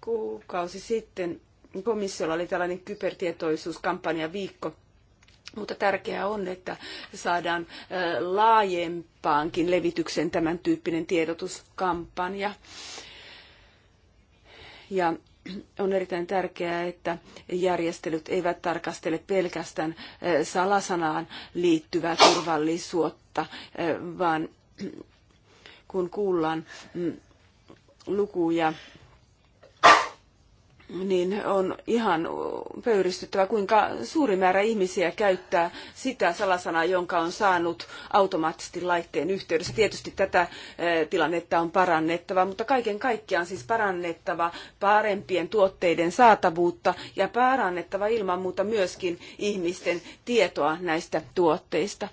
kuukausi sitten komissiolla oli tällainen kybertietoisuuskampanja viikko, mutta tärkeää on, että saadaan laajempaankin levityksen tämän tyyppinen tiedotuskampanja. Ja on erittäin tärkeää, että järjestelyt eivät tarkastele pelkästään salasanaan liittyvää turvallisuutta, vaan kun kuullaan mm, lukuja niin on ihan pöyristyttävä, kuinka suuri määrä ihmisiä käyttää sitä salasanaa, jonka on saanut automaattisesti laitteen yhteydessä. Tietysti tätä eh, tilannetta on parannettava, mutta kaiken kaikkiaan siis parannettava parempien tuotteiden saatavuutta ja parannettava ilman muuta myöskin ihmisten tietoa näistä tuotteista.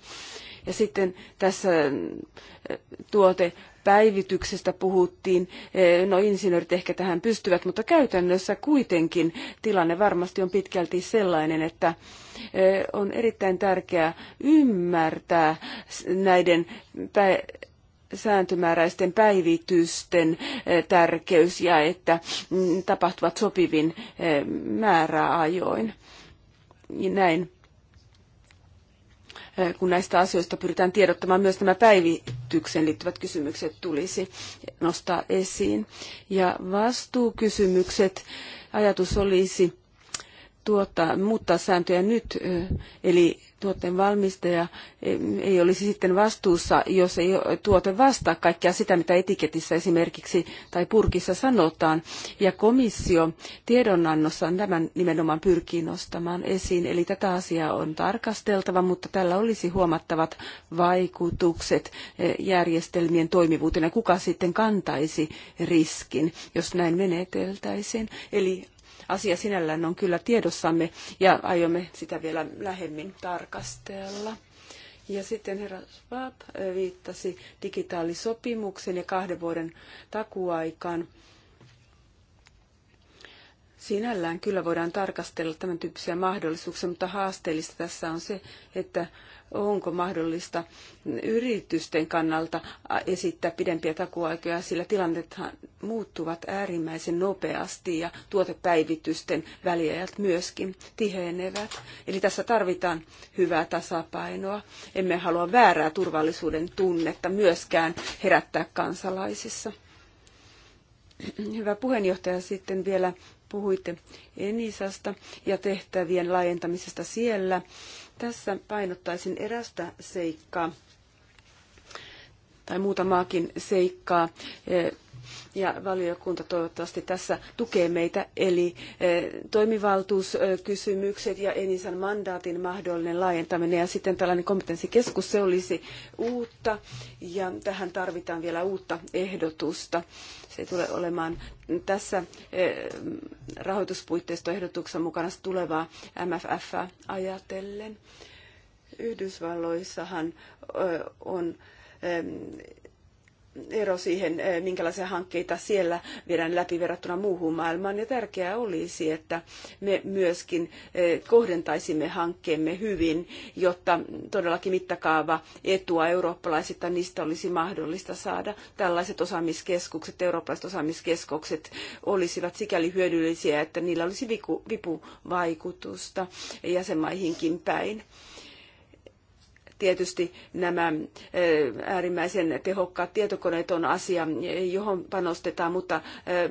Ja sitten tässä eh, tuote päivityksestä puhuttiin. Eh, no insinöörit ehkä tähän pystyvät, mutta käytännössä kuitenkin tilanne varmasti on pitkälti sellainen, että eh, on erittäin tärkeää ymmärtää näiden sääntömääräisten päivitysten eh, tärkeys ja että mm, tapahtuvat sopivin määräajoin. Näin kun näistä asioista pyritään tiedottamaan, myös nämä päivitykseen liittyvät kysymykset tulisi nostaa esiin. Ja vastuukysymykset, ajatus olisi tuottaa, muuttaa sääntöjä nyt, eli tuotteen valmistaja ei olisi sitten vastuussa, jos ei tuote vastaa kaikkea sitä, mitä etiketissä esimerkiksi tai purkissa sanotaan. Ja komissio tiedonannossaan tämän nimenomaan pyrkii nostamaan esiin, eli tätä asiaa on tarkasteltava, mutta tällä olisi huomattavat vaikutukset järjestelmien toimivuuteen ja kuka sitten kantaisi riskin, jos näin meneteltäisiin. Eli asia sinällään on kyllä tiedossamme ja aiomme sitä vielä lähemmin tarkastella. Ja sitten herra Schwab viittasi digitaalisopimuksen ja kahden vuoden takuaikaan. Sinällään kyllä voidaan tarkastella tämän tyyppisiä mahdollisuuksia, mutta haasteellista tässä on se, että onko mahdollista yritysten kannalta esittää pidempiä takuaikoja, sillä tilannethan muuttuvat äärimmäisen nopeasti ja tuotepäivitysten väliajat myöskin tihenevät. Eli tässä tarvitaan hyvää tasapainoa. Emme halua väärää turvallisuuden tunnetta myöskään herättää kansalaisissa. Hyvä puheenjohtaja, sitten vielä puhuitte Enisasta ja tehtävien laajentamisesta siellä. Tässä painottaisin erästä seikkaa tai muutamaakin seikkaa, ja valiokunta toivottavasti tässä tukee meitä, eli e, toimivaltuuskysymykset ja Enisan mandaatin mahdollinen laajentaminen ja sitten tällainen kompetenssikeskus, se olisi uutta ja tähän tarvitaan vielä uutta ehdotusta. Se tulee olemaan tässä e, rahoituspuitteistoehdotuksen mukana tulevaa MFF ajatellen. Yhdysvalloissahan on ero siihen, eh, minkälaisia hankkeita siellä viedään läpi verrattuna muuhun maailmaan. Ja tärkeää olisi, että me myöskin eh, kohdentaisimme hankkeemme hyvin, jotta todellakin mittakaava etua eurooppalaisista niistä olisi mahdollista saada. Tällaiset osaamiskeskukset, eurooppalaiset osaamiskeskukset olisivat sikäli hyödyllisiä, että niillä olisi vipuvaikutusta jäsenmaihinkin päin tietysti nämä äärimmäisen tehokkaat tietokoneet on asia, johon panostetaan, mutta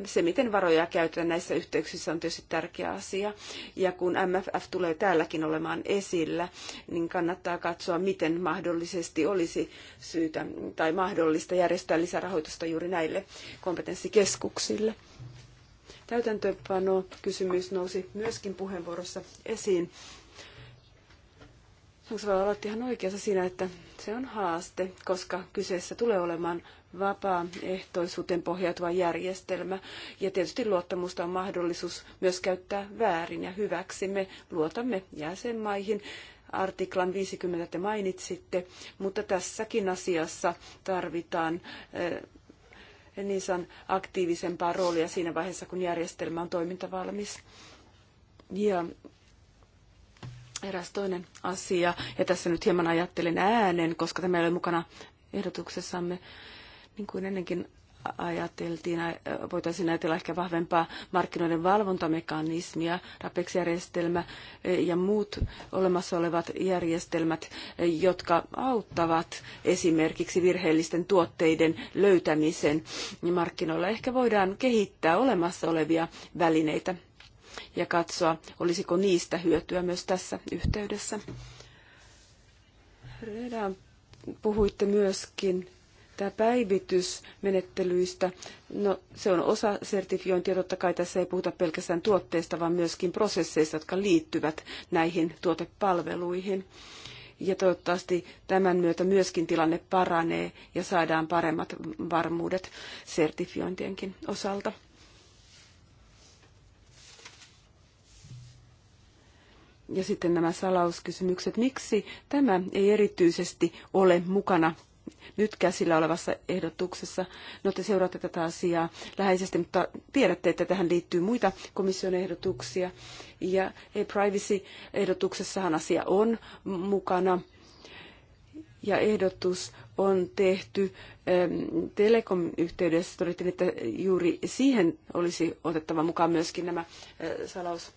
se, miten varoja käytetään näissä yhteyksissä, on tietysti tärkeä asia. Ja kun MFF tulee täälläkin olemaan esillä, niin kannattaa katsoa, miten mahdollisesti olisi syytä tai mahdollista järjestää lisärahoitusta juuri näille kompetenssikeskuksille täytäntöönpano kysymys nousi myöskin puheenvuorossa esiin. Musvalo aloitti ihan oikeassa siinä, että se on haaste, koska kyseessä tulee olemaan ehtoisuuteen pohjautuva järjestelmä. Ja tietysti luottamusta on mahdollisuus myös käyttää väärin ja hyväksi. Me luotamme jäsenmaihin. Artiklan 50 te mainitsitte, mutta tässäkin asiassa tarvitaan eh, niin sanon, aktiivisempaa roolia siinä vaiheessa, kun järjestelmä on toimintavalmis. Ja eräs toinen asia, ja tässä nyt hieman ajattelin äänen, koska tämä ei mukana ehdotuksessamme, niin kuin ennenkin ajateltiin, voitaisiin ajatella ehkä vahvempaa markkinoiden valvontamekanismia, RAPEX-järjestelmä ja muut olemassa olevat järjestelmät, jotka auttavat esimerkiksi virheellisten tuotteiden löytämisen markkinoilla. Ehkä voidaan kehittää olemassa olevia välineitä ja katsoa, olisiko niistä hyötyä myös tässä yhteydessä. Reda, puhuitte myöskin tämä päivitysmenettelyistä, no se on osa sertifiointia, totta kai tässä ei puhuta pelkästään tuotteista, vaan myöskin prosesseista, jotka liittyvät näihin tuotepalveluihin. Ja toivottavasti tämän myötä myöskin tilanne paranee ja saadaan paremmat varmuudet sertifiointienkin osalta. Ja sitten nämä salauskysymykset. Miksi tämä ei erityisesti ole mukana nyt käsillä olevassa ehdotuksessa. No te seuraatte tätä asiaa läheisesti, mutta tiedätte, että tähän liittyy muita komission ehdotuksia. Ja e- privacy-ehdotuksessahan asia on mukana. Ja ehdotus on tehty telekom-yhteydessä. Todettiin, että juuri siihen olisi otettava mukaan myöskin nämä e- salaus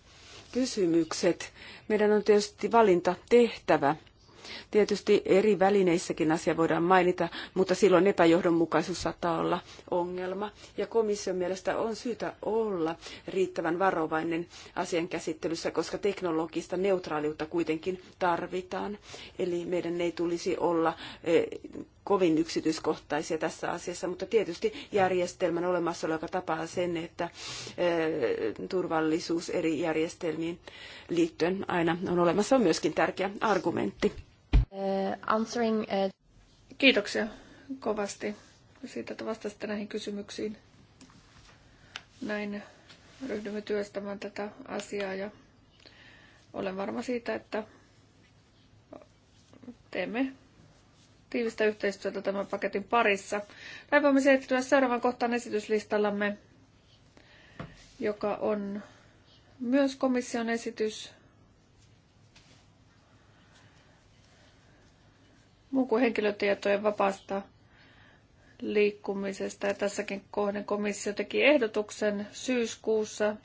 kysymykset. Meidän on tietysti valinta tehtävä. Tietysti eri välineissäkin asia voidaan mainita, mutta silloin epäjohdonmukaisuus saattaa olla ongelma. Ja komission mielestä on syytä olla riittävän varovainen asian käsittelyssä, koska teknologista neutraaliutta kuitenkin tarvitaan. Eli meidän ei tulisi olla eh, kovin yksityiskohtaisia tässä asiassa, mutta tietysti järjestelmän olemassaolo, joka tapaa sen, että turvallisuus eri järjestelmiin liittyen aina on olemassa, on myöskin tärkeä argumentti. Uh, answering, uh, Kiitoksia kovasti siitä, että vastasitte näihin kysymyksiin. Näin ryhdymme työstämään tätä asiaa ja olen varma siitä, että teemme tiivistä yhteistyötä tämän paketin parissa. Näin voimme siirtyä seuraavan kohtaan esityslistallamme, joka on myös komission esitys. Muu kuin henkilötietojen vapaasta liikkumisesta. Ja tässäkin kohden komissio teki ehdotuksen syyskuussa.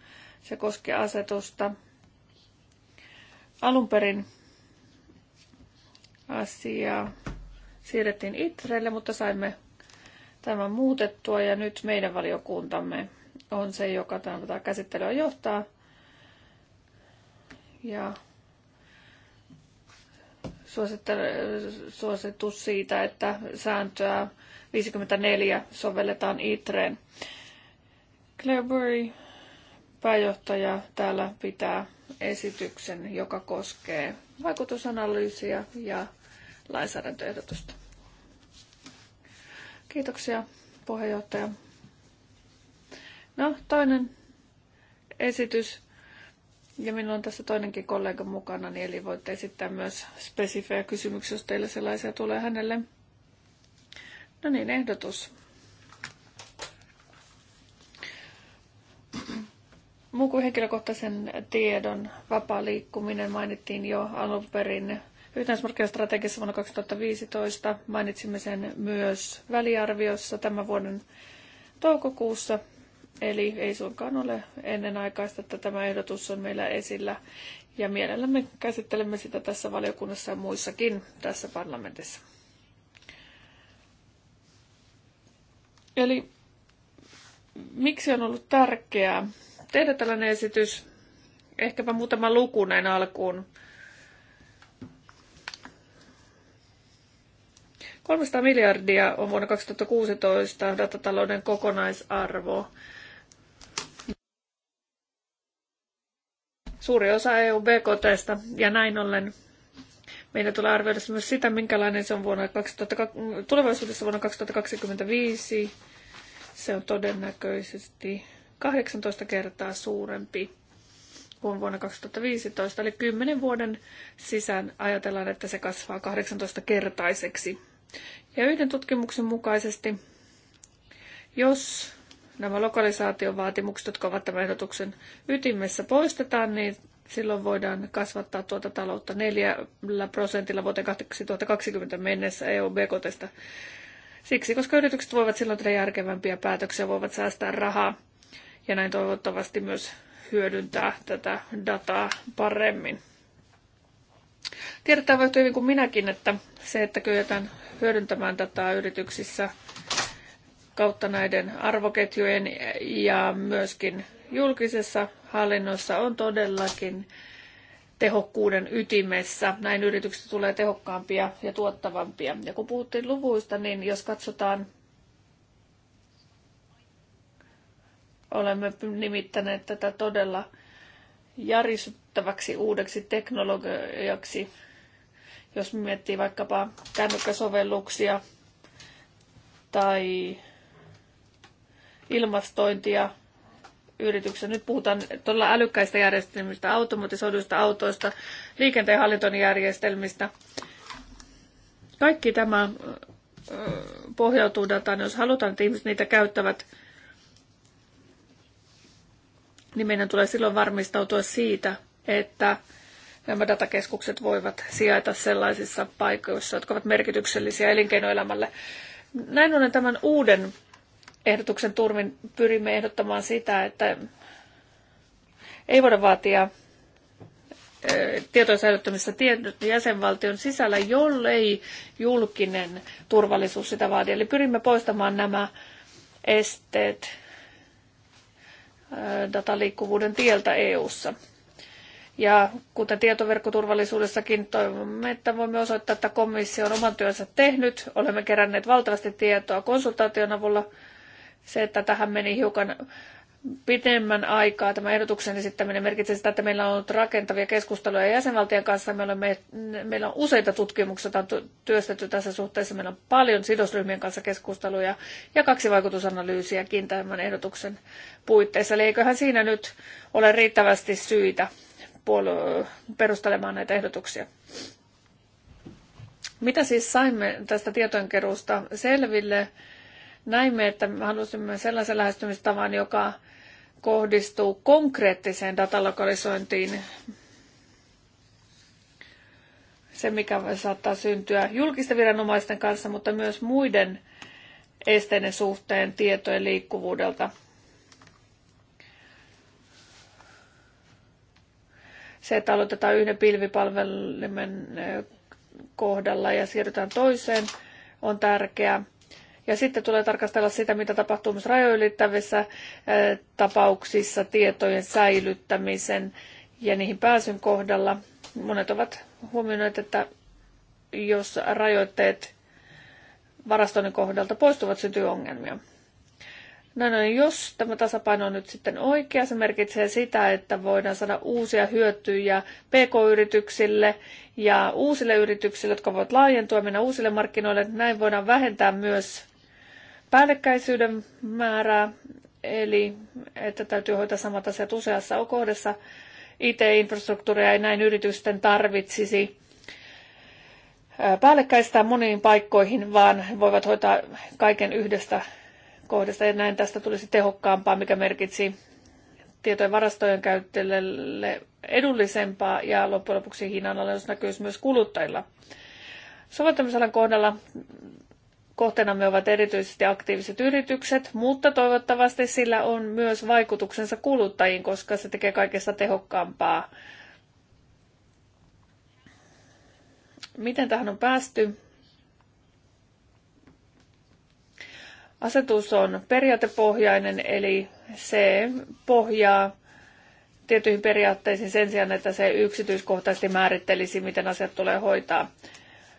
Se koski asetusta. Alun perin asiaa siirrettiin Itrelle, mutta saimme tämän muutettua ja nyt meidän valiokuntamme on se, joka tätä käsittelyä johtaa. Ja suositus siitä, että sääntöä 54 sovelletaan ITREen. Clarebury, pääjohtaja, täällä pitää esityksen, joka koskee vaikutusanalyysiä ja lainsäädäntöehdotusta. Kiitoksia, puheenjohtaja. No, toinen esitys. Ja minulla on tässä toinenkin kollega mukana, niin eli voitte esittää myös spesifejä kysymyksiä, jos teillä sellaisia tulee hänelle. No niin, ehdotus. Muu kuin henkilökohtaisen tiedon vapaa liikkuminen mainittiin jo alun perin Yhteismarkkinastrategiassa vuonna 2015 mainitsimme sen myös väliarviossa tämän vuoden toukokuussa. Eli ei suinkaan ole ennenaikaista, että tämä ehdotus on meillä esillä. Ja mielellämme käsittelemme sitä tässä valiokunnassa ja muissakin tässä parlamentissa. Eli miksi on ollut tärkeää tehdä tällainen esitys? Ehkäpä muutama luku näin alkuun. 300 miljardia on vuonna 2016 datatalouden kokonaisarvo. Suuri osa EU-BKTstä ja näin ollen meidän tulee arvioida myös sitä, minkälainen se on vuonna 2000, tulevaisuudessa vuonna 2025. Se on todennäköisesti 18 kertaa suurempi kuin vuonna 2015, eli 10 vuoden sisään ajatellaan, että se kasvaa 18-kertaiseksi. Ja yhden tutkimuksen mukaisesti, jos nämä lokalisaatiovaatimukset, jotka ovat tämän ehdotuksen ytimessä, poistetaan, niin silloin voidaan kasvattaa tuota taloutta 4 prosentilla vuoteen 2020 mennessä EU-BKTstä. Siksi, koska yritykset voivat silloin tehdä järkevämpiä päätöksiä, voivat säästää rahaa ja näin toivottavasti myös hyödyntää tätä dataa paremmin. Tiedetään voi hyvin kuin minäkin, että se, että kyetään hyödyntämään dataa yrityksissä kautta näiden arvoketjujen ja myöskin julkisessa hallinnossa on todellakin tehokkuuden ytimessä. Näin yrityksistä tulee tehokkaampia ja tuottavampia. Ja kun puhuttiin luvuista, niin jos katsotaan, olemme nimittäneet tätä todella järisyttäväksi uudeksi teknologiaksi, jos miettii vaikkapa kännykkäsovelluksia tai ilmastointia yrityksessä. Nyt puhutaan todella älykkäistä järjestelmistä, automatisoiduista autoista, liikenteen järjestelmistä. Kaikki tämä pohjautuu dataan. Jos halutaan, että ihmiset niitä käyttävät, niin meidän tulee silloin varmistautua siitä, että Nämä datakeskukset voivat sijaita sellaisissa paikoissa, jotka ovat merkityksellisiä elinkeinoelämälle. Näin ollen tämän uuden ehdotuksen turmin pyrimme ehdottamaan sitä, että ei voida vaatia tietojen säilyttämistä jäsenvaltion sisällä, jollei julkinen turvallisuus sitä vaadi. Eli pyrimme poistamaan nämä esteet dataliikkuvuuden tieltä EU:ssa. Ja kuten tietoverkkoturvallisuudessakin toivomme, että voimme osoittaa, että komissio on oman työnsä tehnyt. Olemme keränneet valtavasti tietoa konsultaation avulla. Se, että tähän meni hiukan pidemmän aikaa tämä ehdotuksen esittäminen merkitsee sitä, että meillä on ollut rakentavia keskusteluja jäsenvaltioiden kanssa. Meillä on, me, meillä on useita tutkimuksia, joita on työstetty tässä suhteessa. Meillä on paljon sidosryhmien kanssa keskusteluja ja kaksi vaikutusanalyysiäkin tämän ehdotuksen puitteissa. Eli eiköhän siinä nyt ole riittävästi syitä puol- perustelemaan näitä ehdotuksia. Mitä siis saimme tästä tietojenkeruusta selville? Näimme, että halusimme sellaisen lähestymistavan, joka kohdistuu konkreettiseen datalokalisointiin. Se, mikä saattaa syntyä julkisten viranomaisten kanssa, mutta myös muiden esteiden suhteen tietojen liikkuvuudelta – Se, että aloitetaan yhden pilvipalvelimen kohdalla ja siirrytään toiseen, on tärkeää. Ja sitten tulee tarkastella sitä, mitä tapahtuu myös rajoylittävissä tapauksissa tietojen säilyttämisen ja niihin pääsyn kohdalla. Monet ovat huomioineet, että jos rajoitteet varastoinnin kohdalta poistuvat, syntyy ongelmia. No, no, jos tämä tasapaino on nyt sitten oikea, se merkitsee sitä, että voidaan saada uusia hyötyjä pk-yrityksille ja uusille yrityksille, jotka voivat laajentua, mennä uusille markkinoille. Näin voidaan vähentää myös päällekkäisyyden määrää, eli että täytyy hoitaa samat asiat useassa kohdassa. IT-infrastruktuuria ei näin yritysten tarvitsisi päällekkäistää moniin paikkoihin, vaan voivat hoitaa kaiken yhdestä kohdasta ja näin tästä tulisi tehokkaampaa, mikä merkitsi tietojen varastojen käyttäjille edullisempaa ja loppujen lopuksi hinnan alennus näkyisi myös kuluttajilla. Soveltamisalan kohdalla kohteenamme ovat erityisesti aktiiviset yritykset, mutta toivottavasti sillä on myös vaikutuksensa kuluttajiin, koska se tekee kaikesta tehokkaampaa. Miten tähän on päästy? Asetus on periaatepohjainen, eli se pohjaa tiettyihin periaatteisiin sen sijaan, että se yksityiskohtaisesti määrittelisi, miten asiat tulee hoitaa.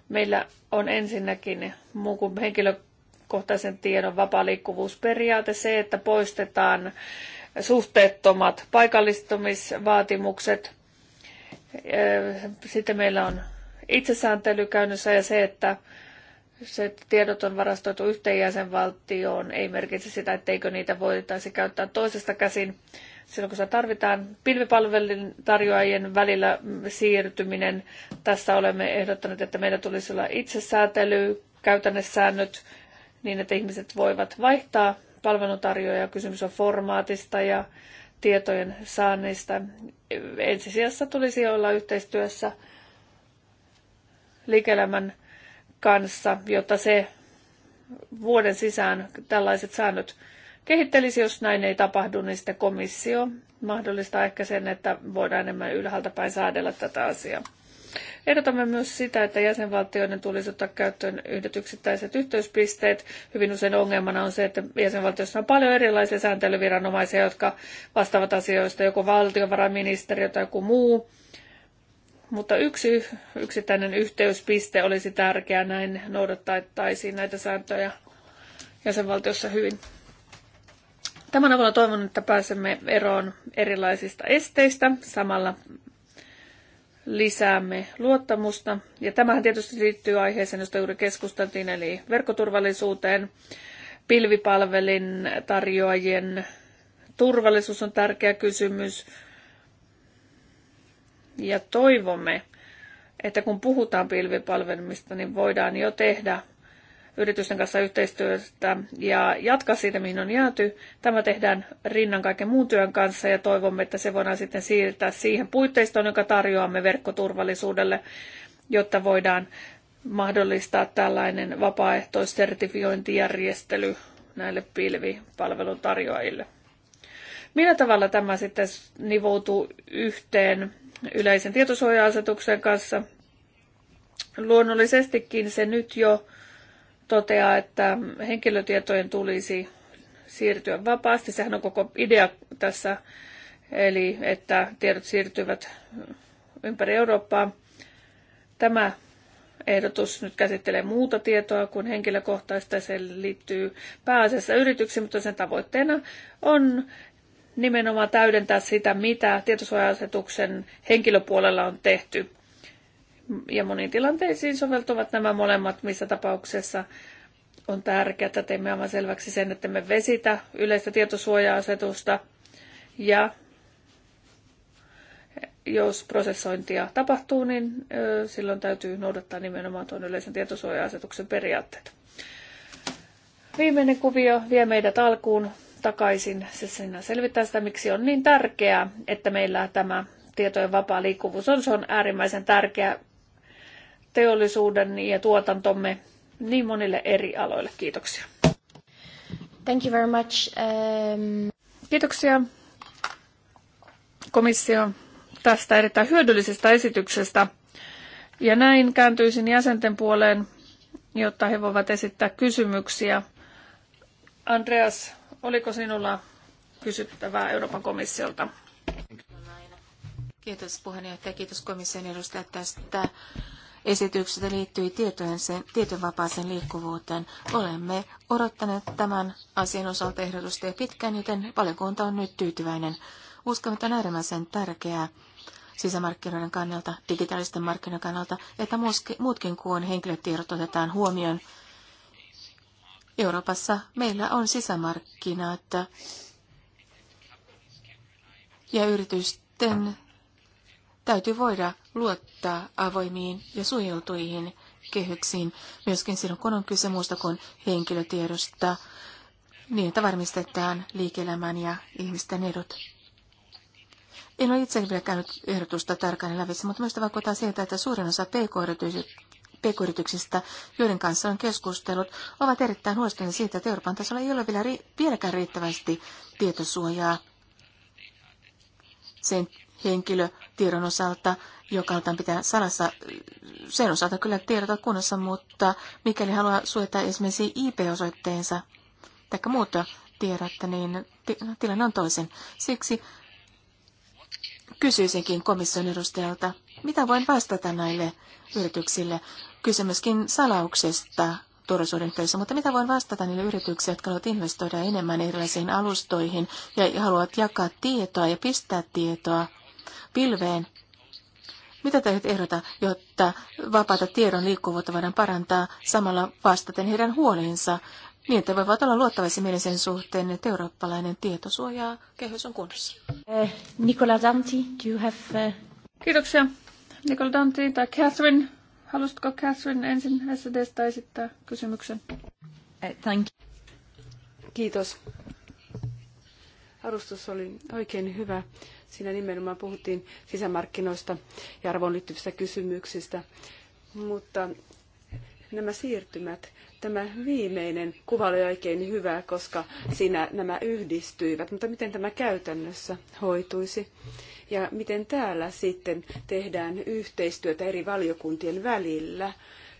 Meillä on ensinnäkin muu kuin henkilökohtaisen tiedon vapaa liikkuvuusperiaate, se, että poistetaan suhteettomat paikallistumisvaatimukset. Sitten meillä on itsesääntely käynnissä ja se, että se, että tiedot on varastoitu yhteen jäsenvaltioon, ei merkitse sitä, etteikö niitä voitaisi käyttää toisesta käsin silloin, kun se tarvitaan. Pilvipalvelun tarjoajien välillä siirtyminen. Tässä olemme ehdottaneet, että meillä tulisi olla itsesäätely, käytännössäännöt, niin että ihmiset voivat vaihtaa palveluntarjoajaa. Kysymys on formaatista ja tietojen saannista. Ensisijassa tulisi olla yhteistyössä liike-elämän kanssa, jotta se vuoden sisään tällaiset säännöt kehittelisi. Jos näin ei tapahdu, niin sitten komissio mahdollistaa ehkä sen, että voidaan enemmän ylhäältä päin säädellä tätä asiaa. Ehdotamme myös sitä, että jäsenvaltioiden tulisi ottaa käyttöön yhdet yksittäiset yhteyspisteet. Hyvin usein ongelmana on se, että jäsenvaltiossa on paljon erilaisia sääntelyviranomaisia, jotka vastaavat asioista, joko valtiovarainministeriö tai joku muu mutta yksi yksittäinen yhteyspiste olisi tärkeä, näin noudattaisiin näitä sääntöjä jäsenvaltiossa hyvin. Tämän avulla toivon, että pääsemme eroon erilaisista esteistä. Samalla lisäämme luottamusta. Ja tämähän tietysti liittyy aiheeseen, josta juuri keskusteltiin, eli verkkoturvallisuuteen. Pilvipalvelin tarjoajien turvallisuus on tärkeä kysymys. Ja toivomme, että kun puhutaan pilvipalvelimista, niin voidaan jo tehdä yritysten kanssa yhteistyöstä ja jatkaa siitä, mihin on jääty. Tämä tehdään rinnan kaiken muun työn kanssa ja toivomme, että se voidaan sitten siirtää siihen puitteistoon, joka tarjoamme verkkoturvallisuudelle, jotta voidaan mahdollistaa tällainen vapaaehtoissertifiointijärjestely näille pilvipalvelun tarjoajille. Millä tavalla tämä sitten nivoutuu yhteen yleisen tietosuoja-asetuksen kanssa. Luonnollisestikin se nyt jo toteaa, että henkilötietojen tulisi siirtyä vapaasti. Sehän on koko idea tässä, eli että tiedot siirtyvät ympäri Eurooppaa. Tämä ehdotus nyt käsittelee muuta tietoa kuin henkilökohtaista. Se liittyy pääasiassa yrityksiin, mutta sen tavoitteena on nimenomaan täydentää sitä, mitä tietosuoja-asetuksen henkilöpuolella on tehty. Ja moniin tilanteisiin soveltuvat nämä molemmat, missä tapauksessa on tärkeää, että teemme aivan selväksi sen, että me vesitä yleistä tietosuoja-asetusta ja jos prosessointia tapahtuu, niin silloin täytyy noudattaa nimenomaan tuon yleisen tietosuoja-asetuksen periaatteet. Viimeinen kuvio vie meidät alkuun takaisin. Se sinä selvittää sitä, miksi on niin tärkeää, että meillä tämä tietojen vapaa liikkuvuus on. Se on äärimmäisen tärkeä teollisuuden ja tuotantomme niin monille eri aloille. Kiitoksia. Thank you very much. Um... Kiitoksia komissio tästä erittäin hyödyllisestä esityksestä. Ja näin kääntyisin jäsenten puoleen, jotta he voivat esittää kysymyksiä. Andreas Oliko sinulla kysyttävää Euroopan komissiolta? Kiitos puheenjohtaja, kiitos komission edustaja tästä esityksestä liittyi tietojenvapaaseen liikkuvuuteen. Olemme odottaneet tämän asian osalta ehdotusta jo pitkään, joten valiokunta on nyt tyytyväinen. Uskon, että on äärimmäisen tärkeää sisämarkkinoiden kannalta, digitaalisten markkinoiden kannalta, että muutkin kuin henkilötiedot otetaan huomioon Euroopassa meillä on sisämarkkinat ja yritysten täytyy voida luottaa avoimiin ja suojeltuihin kehyksiin, myöskin silloin kun on kyse muusta kuin henkilötiedosta, niin että varmistetaan liike ja ihmisten edut. En ole itse vielä käynyt ehdotusta tarkkaan lävitse, mutta myös vaikuttaa siltä, että suurin osa pk pk-yrityksistä, joiden kanssa on keskustellut, ovat erittäin huolestuneita siitä, että Euroopan tasolla ei ole vielä ri- vieläkään riittävästi tietosuojaa sen henkilötiedon osalta, joka pitää salassa. Sen osalta kyllä tiedot on kunnossa, mutta mikäli haluaa suojata esimerkiksi IP-osoitteensa tai muuta tiedot, niin tilanne on toisen. Siksi kysyisinkin komission edustajalta, mitä voin vastata näille yrityksille? kyse myöskin salauksesta turvallisuuden töissä, mutta mitä voin vastata niille yrityksille, jotka haluavat investoida enemmän erilaisiin alustoihin ja haluavat jakaa tietoa ja pistää tietoa pilveen? Mitä te ehdota, jotta vapaata tiedon liikkuvuutta voidaan parantaa samalla vastaten heidän huolensa, niin että voivat olla luottavaisia mielen sen suhteen, että eurooppalainen tietosuoja kehys on kunnossa? Eh, Nicola Danti, do you have... Eh? Kiitoksia. Nicola Danti tai Catherine, Haluaisitko Catherine ensin SDstä esittää kysymyksen? Eh, thank you. Kiitos. Arvostus oli oikein hyvä. Siinä nimenomaan puhuttiin sisämarkkinoista ja arvoon liittyvistä kysymyksistä. Mutta nämä siirtymät, tämä viimeinen kuva oli oikein hyvä, koska siinä nämä yhdistyivät. Mutta miten tämä käytännössä hoituisi? ja miten täällä sitten tehdään yhteistyötä eri valiokuntien välillä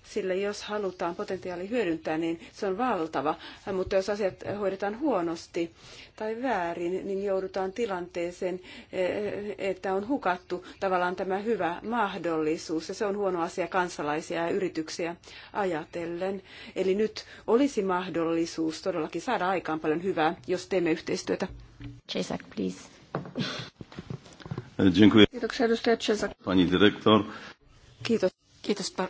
sillä jos halutaan potentiaali hyödyntää, niin se on valtava. Mutta jos asiat hoidetaan huonosti tai väärin, niin joudutaan tilanteeseen, eh, että on hukattu tavallaan tämä hyvä mahdollisuus. Ja se on huono asia kansalaisia ja yrityksiä ajatellen. Eli nyt olisi mahdollisuus todellakin saada aikaan paljon hyvää, jos teemme yhteistyötä. Jasak, please. Dziękuję. Kiitoksia edustaja Czesak. Pani direktor. Kiitos. Kiitos. Par-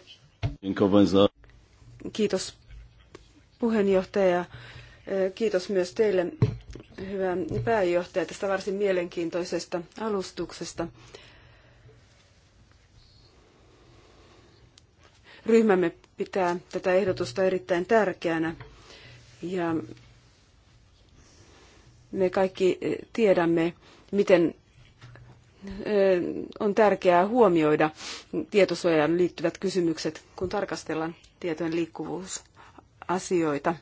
Kiitos puheenjohtaja. E, kiitos myös teille, hyvä pääjohtaja, tästä varsin mielenkiintoisesta alustuksesta. Ryhmämme pitää tätä ehdotusta erittäin tärkeänä ja me kaikki e, tiedämme, miten on tärkeää huomioida tietosuojaan liittyvät kysymykset, kun tarkastellaan tietojen liikkuvuusasioita.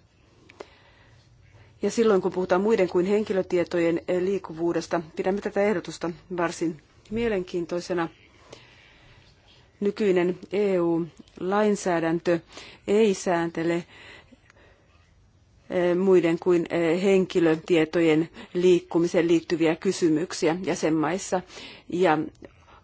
Ja silloin, kun puhutaan muiden kuin henkilötietojen liikkuvuudesta, pidämme tätä ehdotusta varsin mielenkiintoisena. Nykyinen EU-lainsäädäntö ei sääntele Eh, muiden kuin eh, henkilötietojen liikkumiseen liittyviä kysymyksiä jäsenmaissa. Ja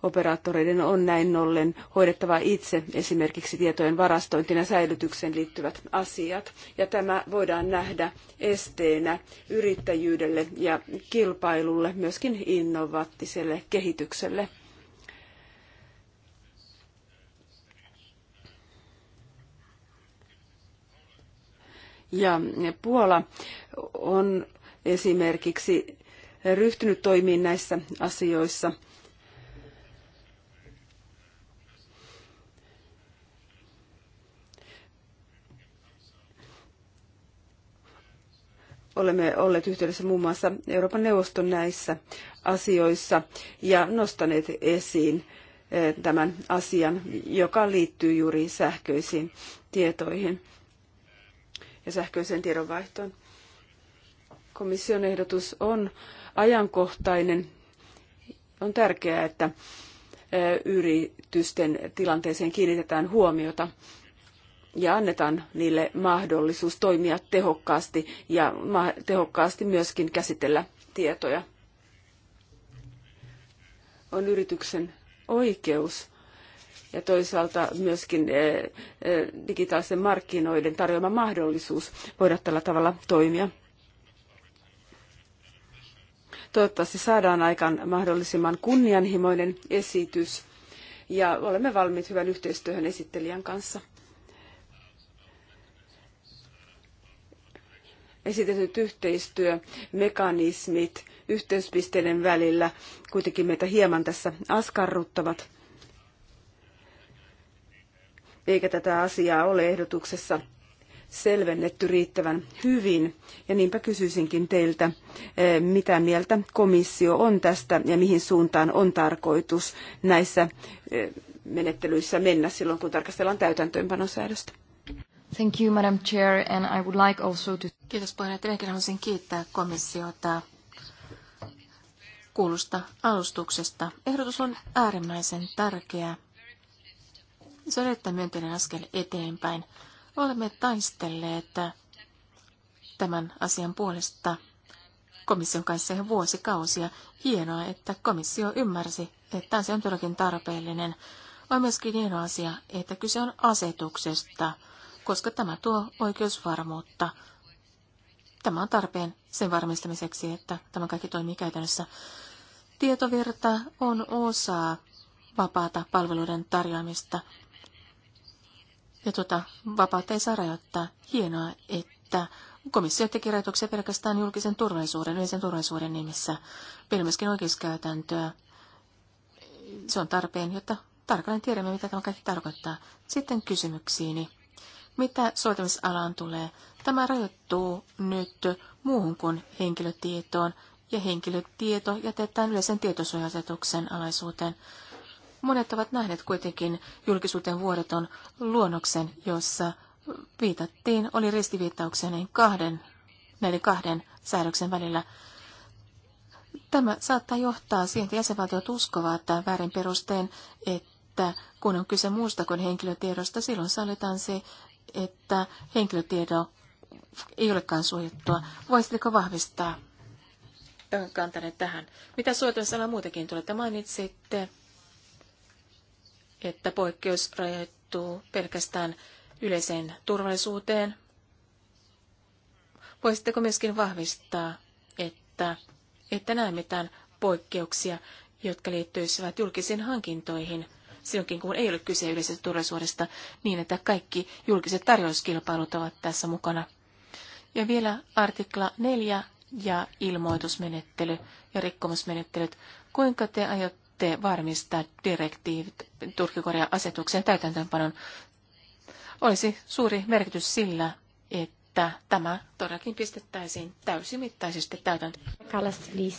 operaattoreiden on näin ollen hoidettava itse esimerkiksi tietojen varastointiin ja säilytykseen liittyvät asiat. Ja tämä voidaan nähdä esteenä yrittäjyydelle ja kilpailulle, myöskin innovaattiselle kehitykselle. Ja Puola on esimerkiksi ryhtynyt toimiin näissä asioissa. olemme olleet yhteydessä muun muassa Euroopan neuvoston näissä asioissa ja nostaneet esiin eh, tämän asian, joka liittyy juuri sähköisiin tietoihin ja sähköiseen tiedonvaihtoon. Komission ehdotus on ajankohtainen. On tärkeää, että yritysten tilanteeseen kiinnitetään huomiota ja annetaan niille mahdollisuus toimia tehokkaasti ja tehokkaasti myöskin käsitellä tietoja. On yrityksen oikeus ja toisaalta myöskin eh, eh, digitaalisten markkinoiden tarjoama mahdollisuus voida tällä tavalla toimia. Toivottavasti saadaan aikaan mahdollisimman kunnianhimoinen esitys ja olemme valmiit hyvän yhteistyöhön esittelijän kanssa. esitetyt yhteistyömekanismit yhteyspisteiden välillä kuitenkin meitä hieman tässä askarruttavat eikä tätä asiaa ole ehdotuksessa selvennetty riittävän hyvin. Ja niinpä kysyisinkin teiltä, eh, mitä mieltä komissio on tästä ja mihin suuntaan on tarkoitus näissä eh, menettelyissä mennä silloin, kun tarkastellaan täytäntöönpanosäädöstä. Thank you, Madam Chair, and I would like also to... Kiitos puheenjohtaja. Minäkin haluaisin kiittää komissiota kuulusta alustuksesta. Ehdotus on äärimmäisen tärkeä se on erittäin myönteinen askel eteenpäin. Olemme taistelleet tämän asian puolesta komission kanssa jo vuosikausia. Hienoa, että komissio ymmärsi, että se on todellakin tarpeellinen. On myöskin hieno asia, että kyse on asetuksesta, koska tämä tuo oikeusvarmuutta. Tämä on tarpeen sen varmistamiseksi, että tämä kaikki toimii käytännössä. Tietovirta on osa vapaata palveluiden tarjoamista ja tuota, vapautta ei saa rajoittaa. Hienoa, että komissio teki rajoituksia pelkästään julkisen turvallisuuden, yleisen turvallisuuden nimissä. Meillä myöskin oikeuskäytäntöä. Se on tarpeen, jotta tarkalleen tiedämme, mitä tämä kaikki tarkoittaa. Sitten kysymyksiini. Mitä soitamisalaan tulee? Tämä rajoittuu nyt muuhun kuin henkilötietoon, ja henkilötieto jätetään yleisen tietosuojasetuksen alaisuuteen. Monet ovat nähneet kuitenkin julkisuuteen vuodeton luonnoksen, jossa viitattiin, oli ristiviittauksia näin kahden, näiden kahden säädöksen välillä. Tämä saattaa johtaa siihen, että jäsenvaltiot uskovat että väärin perusteen, että kun on kyse muusta kuin henkilötiedosta, silloin sallitaan se, että henkilötiedo ei olekaan suojattua. Voisitteko vahvistaa kantanne tähän? Mitä suojatusala muutenkin tulette mainitsitte? että poikkeus rajoittuu pelkästään yleiseen turvallisuuteen? Voisitteko myöskin vahvistaa, että että näe mitään poikkeuksia, jotka liittyisivät julkisiin hankintoihin silloinkin, kun ei ole kyse yleisestä turvallisuudesta, niin että kaikki julkiset tarjouskilpailut ovat tässä mukana? Ja vielä artikla 4 ja ilmoitusmenettely ja rikkomusmenettelyt. Kuinka te aiotte voitte varmistaa direktiivit Turkikorjan asetuksen täytäntöönpanon. Olisi suuri merkitys sillä, että tämä todellakin pistettäisiin täysimittaisesti täytäntöön. Kallas, please.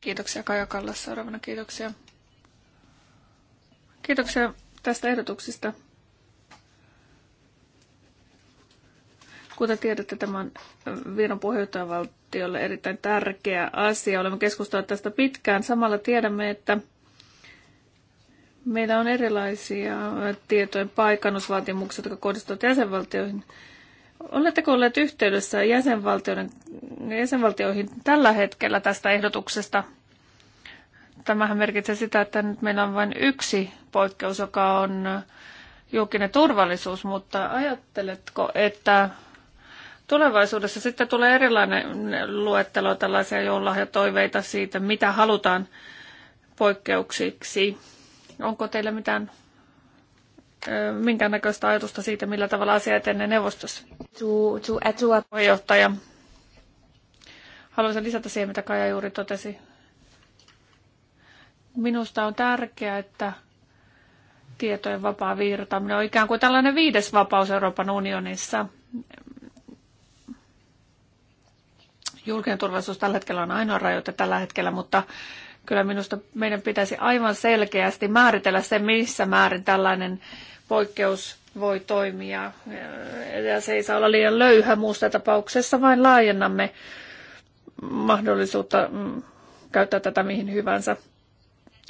Kiitoksia Kaja Kallas. Seuraavana kiitoksia. Kiitoksia tästä ehdotuksesta. Kuten tiedätte, tämä on Viron puheenjohtajavaltiolle erittäin tärkeä asia. Olemme keskustelleet tästä pitkään. Samalla tiedämme, että Meillä on erilaisia äh, tietojen paikannusvaatimuksia, jotka kohdistuvat jäsenvaltioihin. Oletteko olleet yhteydessä jäsenvaltioiden, jäsenvaltioihin tällä hetkellä tästä ehdotuksesta? Tämähän merkitsee sitä, että nyt meillä on vain yksi poikkeus, joka on äh, julkinen turvallisuus, mutta ajatteletko, että tulevaisuudessa sitten tulee erilainen luettelo tällaisia joululahjatoiveita siitä, mitä halutaan poikkeuksiksi? Onko teillä mitään minkäännäköistä ajatusta siitä, millä tavalla asia etenee neuvostossa? To, to, Puheenjohtaja, haluaisin lisätä siihen, mitä Kaja juuri totesi. Minusta on tärkeää, että tietojen vapaa virtaaminen on ikään kuin tällainen viides vapaus Euroopan unionissa. Julkinen turvallisuus tällä hetkellä on ainoa rajoite tällä hetkellä, mutta Kyllä minusta meidän pitäisi aivan selkeästi määritellä se, missä määrin tällainen poikkeus voi toimia. Ja se ei saa olla liian löyhä muussa tapauksessa, vain laajennamme mahdollisuutta mm, käyttää tätä mihin hyvänsä.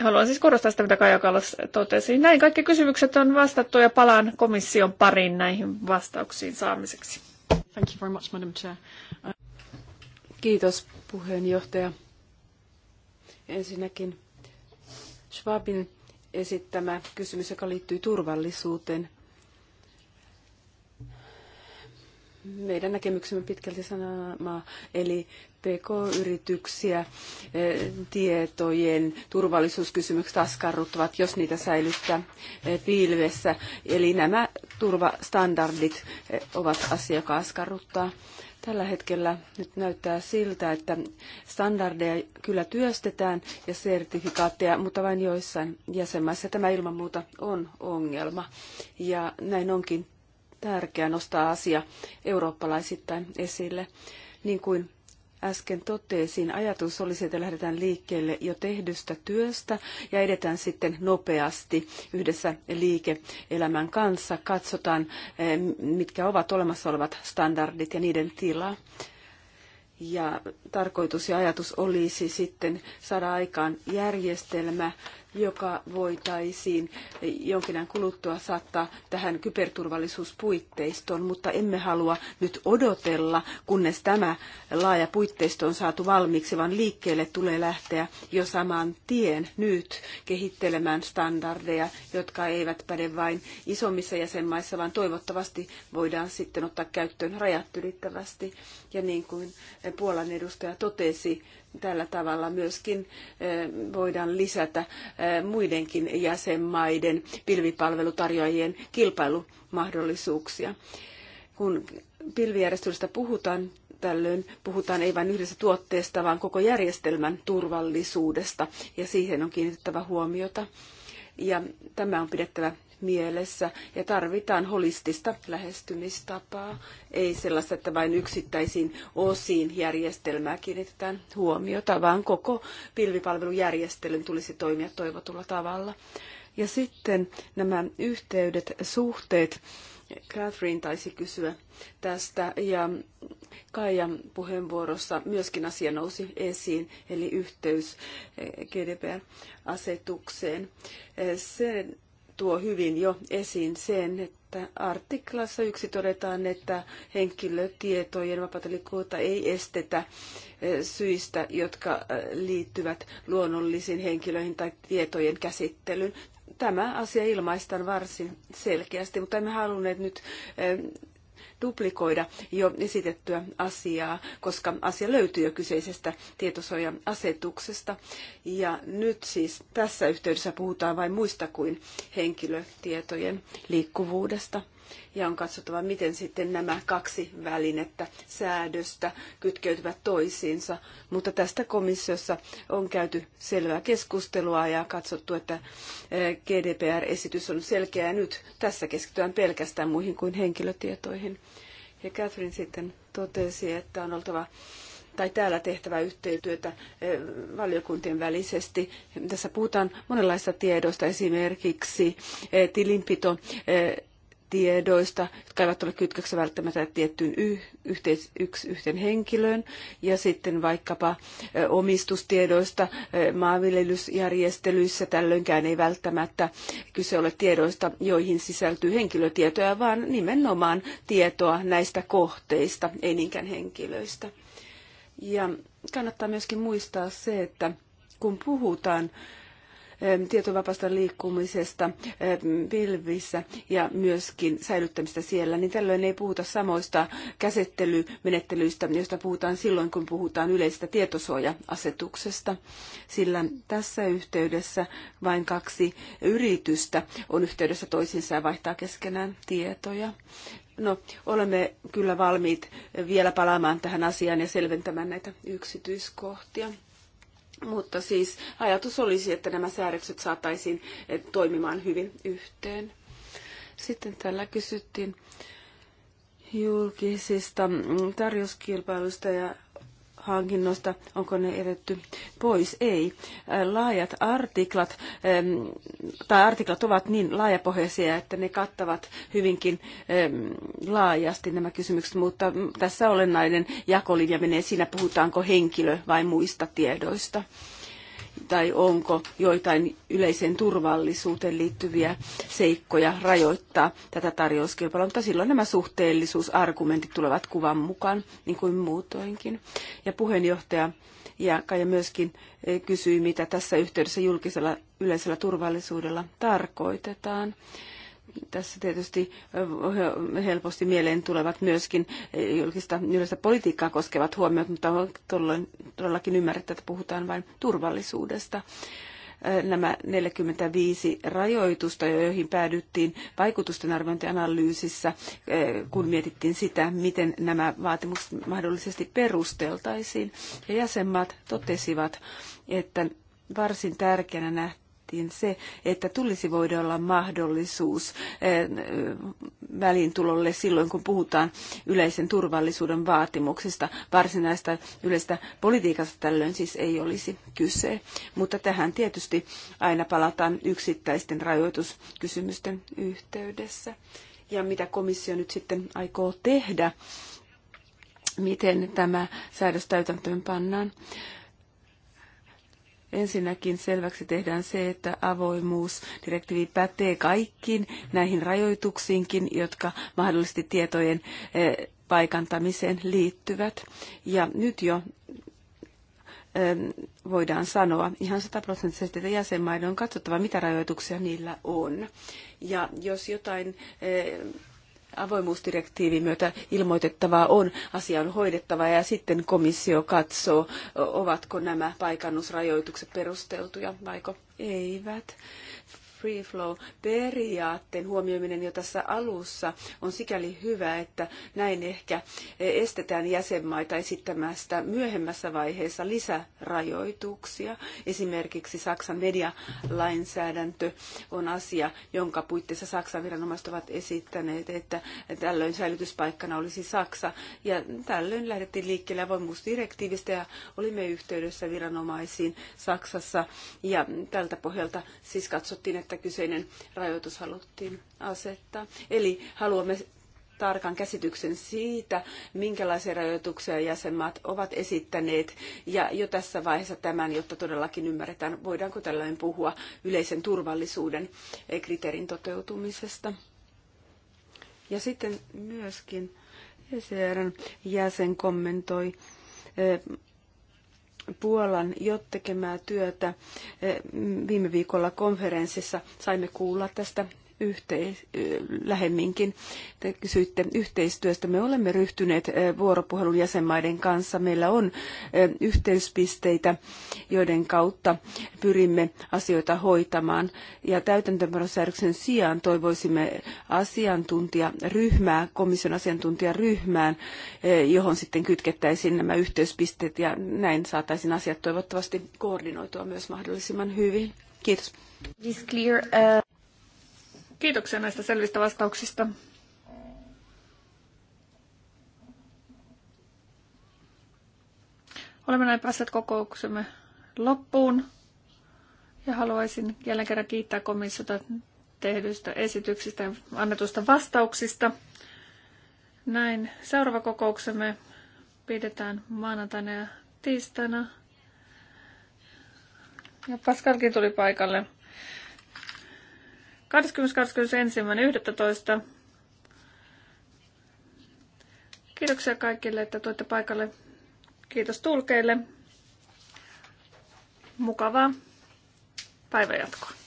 Haluan siis korostaa sitä, mitä Kajakalas totesi. Näin kaikki kysymykset on vastattu ja palaan komission pariin näihin vastauksiin saamiseksi. Thank you very much, Madam Chair. Uh, Kiitos puheenjohtaja. Ensinnäkin Schwabin esittämä kysymys, joka liittyy turvallisuuteen. Meidän näkemyksemme pitkälti sanoma, eli PK-yrityksiä e, tietojen turvallisuuskysymykset askarruttavat, jos niitä säilyttää e, pilvessä. Eli nämä turvastandardit e, ovat asia, joka askarruttaa. Tällä hetkellä nyt näyttää siltä, että standardeja kyllä työstetään ja sertifikaatteja, mutta vain joissain jäsenmaissa. Tämä ilman muuta on ongelma. Ja näin onkin tärkeää nostaa asia eurooppalaisittain esille. Niin kuin äsken totesin, ajatus olisi, että lähdetään liikkeelle jo tehdystä työstä ja edetään sitten nopeasti yhdessä liike-elämän kanssa. Katsotaan, eh, mitkä ovat olemassa olevat standardit ja niiden tila. Ja tarkoitus ja ajatus olisi sitten saada aikaan järjestelmä, joka voitaisiin jonkin ajan kuluttua saattaa tähän kyberturvallisuuspuitteistoon, mutta emme halua nyt odotella, kunnes tämä laaja puitteisto on saatu valmiiksi, vaan liikkeelle tulee lähteä jo saman tien nyt kehittelemään standardeja, jotka eivät päde vain isommissa jäsenmaissa, vaan toivottavasti voidaan sitten ottaa käyttöön rajat ylittävästi. Ja niin kuin Puolan edustaja totesi, Tällä tavalla myöskin eh, voidaan lisätä eh, muidenkin jäsenmaiden pilvipalvelutarjoajien kilpailumahdollisuuksia. Kun pilvijärjestelystä puhutaan, tällöin puhutaan ei vain yhdestä tuotteesta, vaan koko järjestelmän turvallisuudesta, ja siihen on kiinnitettävä huomiota ja tämä on pidettävä mielessä ja tarvitaan holistista lähestymistapaa, ei sellaista, että vain yksittäisiin osiin järjestelmää kiinnitetään huomiota, vaan koko pilvipalvelujärjestelyn tulisi toimia toivotulla tavalla. Ja sitten nämä yhteydet, suhteet Catherine taisi kysyä tästä ja Kaijan puheenvuorossa myöskin asia nousi esiin, eli yhteys eh, GDPR-asetukseen. Eh, se tuo hyvin jo esiin sen, että artiklassa yksi todetaan, että henkilötietojen vapautelikuuta ei estetä eh, syistä, jotka liittyvät luonnollisiin henkilöihin tai tietojen käsittelyyn tämä asia ilmaistaan varsin selkeästi, mutta emme halunneet nyt eh, duplikoida jo esitettyä asiaa, koska asia löytyy jo kyseisestä tietosuoja-asetuksesta. Ja nyt siis tässä yhteydessä puhutaan vain muista kuin henkilötietojen liikkuvuudesta ja on katsottava, miten sitten nämä kaksi välinettä säädöstä kytkeytyvät toisiinsa. Mutta tästä komissiossa on käyty selvää keskustelua ja katsottu, että eh, GDPR-esitys on selkeä ja nyt tässä keskitytään pelkästään muihin kuin henkilötietoihin. Ja Catherine sitten totesi, että on oltava tai täällä tehtävä yhteistyötä eh, valiokuntien välisesti. Tässä puhutaan monenlaista tiedoista, esimerkiksi eh, tilinpito tiedoista, jotka eivät ole kytköksessä välttämättä tiettyyn y- yhteis- yks- yhteen henkilöön, ja sitten vaikkapa omistustiedoista maanviljelysjärjestelyissä. Tällöinkään ei välttämättä kyse ole tiedoista, joihin sisältyy henkilötietoja, vaan nimenomaan tietoa näistä kohteista, ei niinkään henkilöistä. Ja kannattaa myöskin muistaa se, että kun puhutaan tietovapaasta liikkumisesta pilvissä ja myöskin säilyttämistä siellä, niin tällöin ei puhuta samoista käsittelymenettelyistä, joista puhutaan silloin, kun puhutaan yleisestä tietosuoja-asetuksesta, sillä tässä yhteydessä vain kaksi yritystä on yhteydessä toisiinsa ja vaihtaa keskenään tietoja. No, olemme kyllä valmiit vielä palaamaan tähän asiaan ja selventämään näitä yksityiskohtia. Mutta siis ajatus olisi, että nämä säädökset saataisiin eh, toimimaan hyvin yhteen. Sitten tällä kysyttiin julkisista mm, tarjouskilpailuista ja hankinnoista, onko ne eretty pois? Ei. Laajat artiklat, tai artiklat ovat niin laajapohjaisia, että ne kattavat hyvinkin laajasti nämä kysymykset, mutta tässä olennainen jakolinja menee siinä, puhutaanko henkilö vai muista tiedoista tai onko joitain yleiseen turvallisuuteen liittyviä seikkoja rajoittaa tätä tarjouskilpailua, mutta silloin nämä suhteellisuusargumentit tulevat kuvan mukaan, niin kuin muutoinkin. Ja puheenjohtaja ja Kaija myöskin eh, kysyi, mitä tässä yhteydessä julkisella yleisellä turvallisuudella tarkoitetaan tässä tietysti helposti mieleen tulevat myöskin e, julkista yleistä politiikkaa koskevat huomiot, mutta on todellakin ymmärrettä, että puhutaan vain turvallisuudesta nämä 45 rajoitusta, joihin päädyttiin vaikutusten arviointianalyysissä, kun mietittiin sitä, miten nämä vaatimukset mahdollisesti perusteltaisiin. Ja jäsenmaat totesivat, että varsin tärkeänä nähtiin, esitettiin se, että tulisi voida olla mahdollisuus eh, väliintulolle silloin, kun puhutaan yleisen turvallisuuden vaatimuksista. Varsinaista yleistä politiikasta tällöin siis ei olisi kyse, mutta tähän tietysti aina palataan yksittäisten rajoituskysymysten yhteydessä. Ja mitä komissio nyt sitten aikoo tehdä, miten tämä säädös täytäntöön pannaan. Ensinnäkin selväksi tehdään se, että avoimuusdirektiivi pätee kaikkiin näihin rajoituksiinkin, jotka mahdollisesti tietojen eh, paikantamiseen liittyvät. Ja nyt jo eh, voidaan sanoa ihan sataprosenttisesti, että jäsenmaiden on katsottava, mitä rajoituksia niillä on. Ja jos jotain eh, avoimuusdirektiivin myötä ilmoitettavaa on, asia on hoidettava ja sitten komissio katsoo, ovatko nämä paikannusrajoitukset perusteltuja vaiko eivät free flow-periaatteen huomioiminen jo tässä alussa on sikäli hyvä, että näin ehkä estetään jäsenmaita esittämästä myöhemmässä vaiheessa lisärajoituksia. Esimerkiksi Saksan medialainsäädäntö on asia, jonka puitteissa Saksan viranomaiset ovat esittäneet, että tällöin säilytyspaikkana olisi Saksa. Ja tällöin lähdettiin liikkeelle avoimuusdirektiivistä ja olimme yhteydessä viranomaisiin Saksassa. Ja tältä pohjalta siis katsottiin, että että kyseinen rajoitus haluttiin asettaa. Eli haluamme tarkan käsityksen siitä, minkälaisia rajoituksia jäsenmaat ovat esittäneet. Ja jo tässä vaiheessa tämän, jotta todellakin ymmärretään, voidaanko tällöin puhua yleisen turvallisuuden kriteerin toteutumisesta. Ja sitten myöskin ECRn jäsen kommentoi Puolan jo tekemää työtä. Eh, viime viikolla konferenssissa saimme kuulla tästä yhteis- lähemminkin. Te kysyitte yhteistyöstä. Me olemme ryhtyneet vuoropuhelun jäsenmaiden kanssa. Meillä on yhteyspisteitä, joiden kautta pyrimme asioita hoitamaan. Ja täytäntöönpanosäädöksen sijaan toivoisimme asiantuntijaryhmää, komission asiantuntijaryhmään, johon sitten kytkettäisiin nämä yhteyspisteet ja näin saataisiin asiat toivottavasti koordinoitua myös mahdollisimman hyvin. Kiitos. Uh, Kiitoksia näistä selvistä vastauksista. Olemme näin päässeet kokouksemme loppuun ja haluaisin jälleen kerran kiittää komissiota tehdyistä esityksistä ja annetusta vastauksista. Näin seuraava kokouksemme pidetään maanantaina ja tiistaina. Ja Pascalkin tuli paikalle. 20.21.11. Kiitoksia kaikille, että tuitte paikalle. Kiitos tulkeille. Mukavaa päivänjatkoa.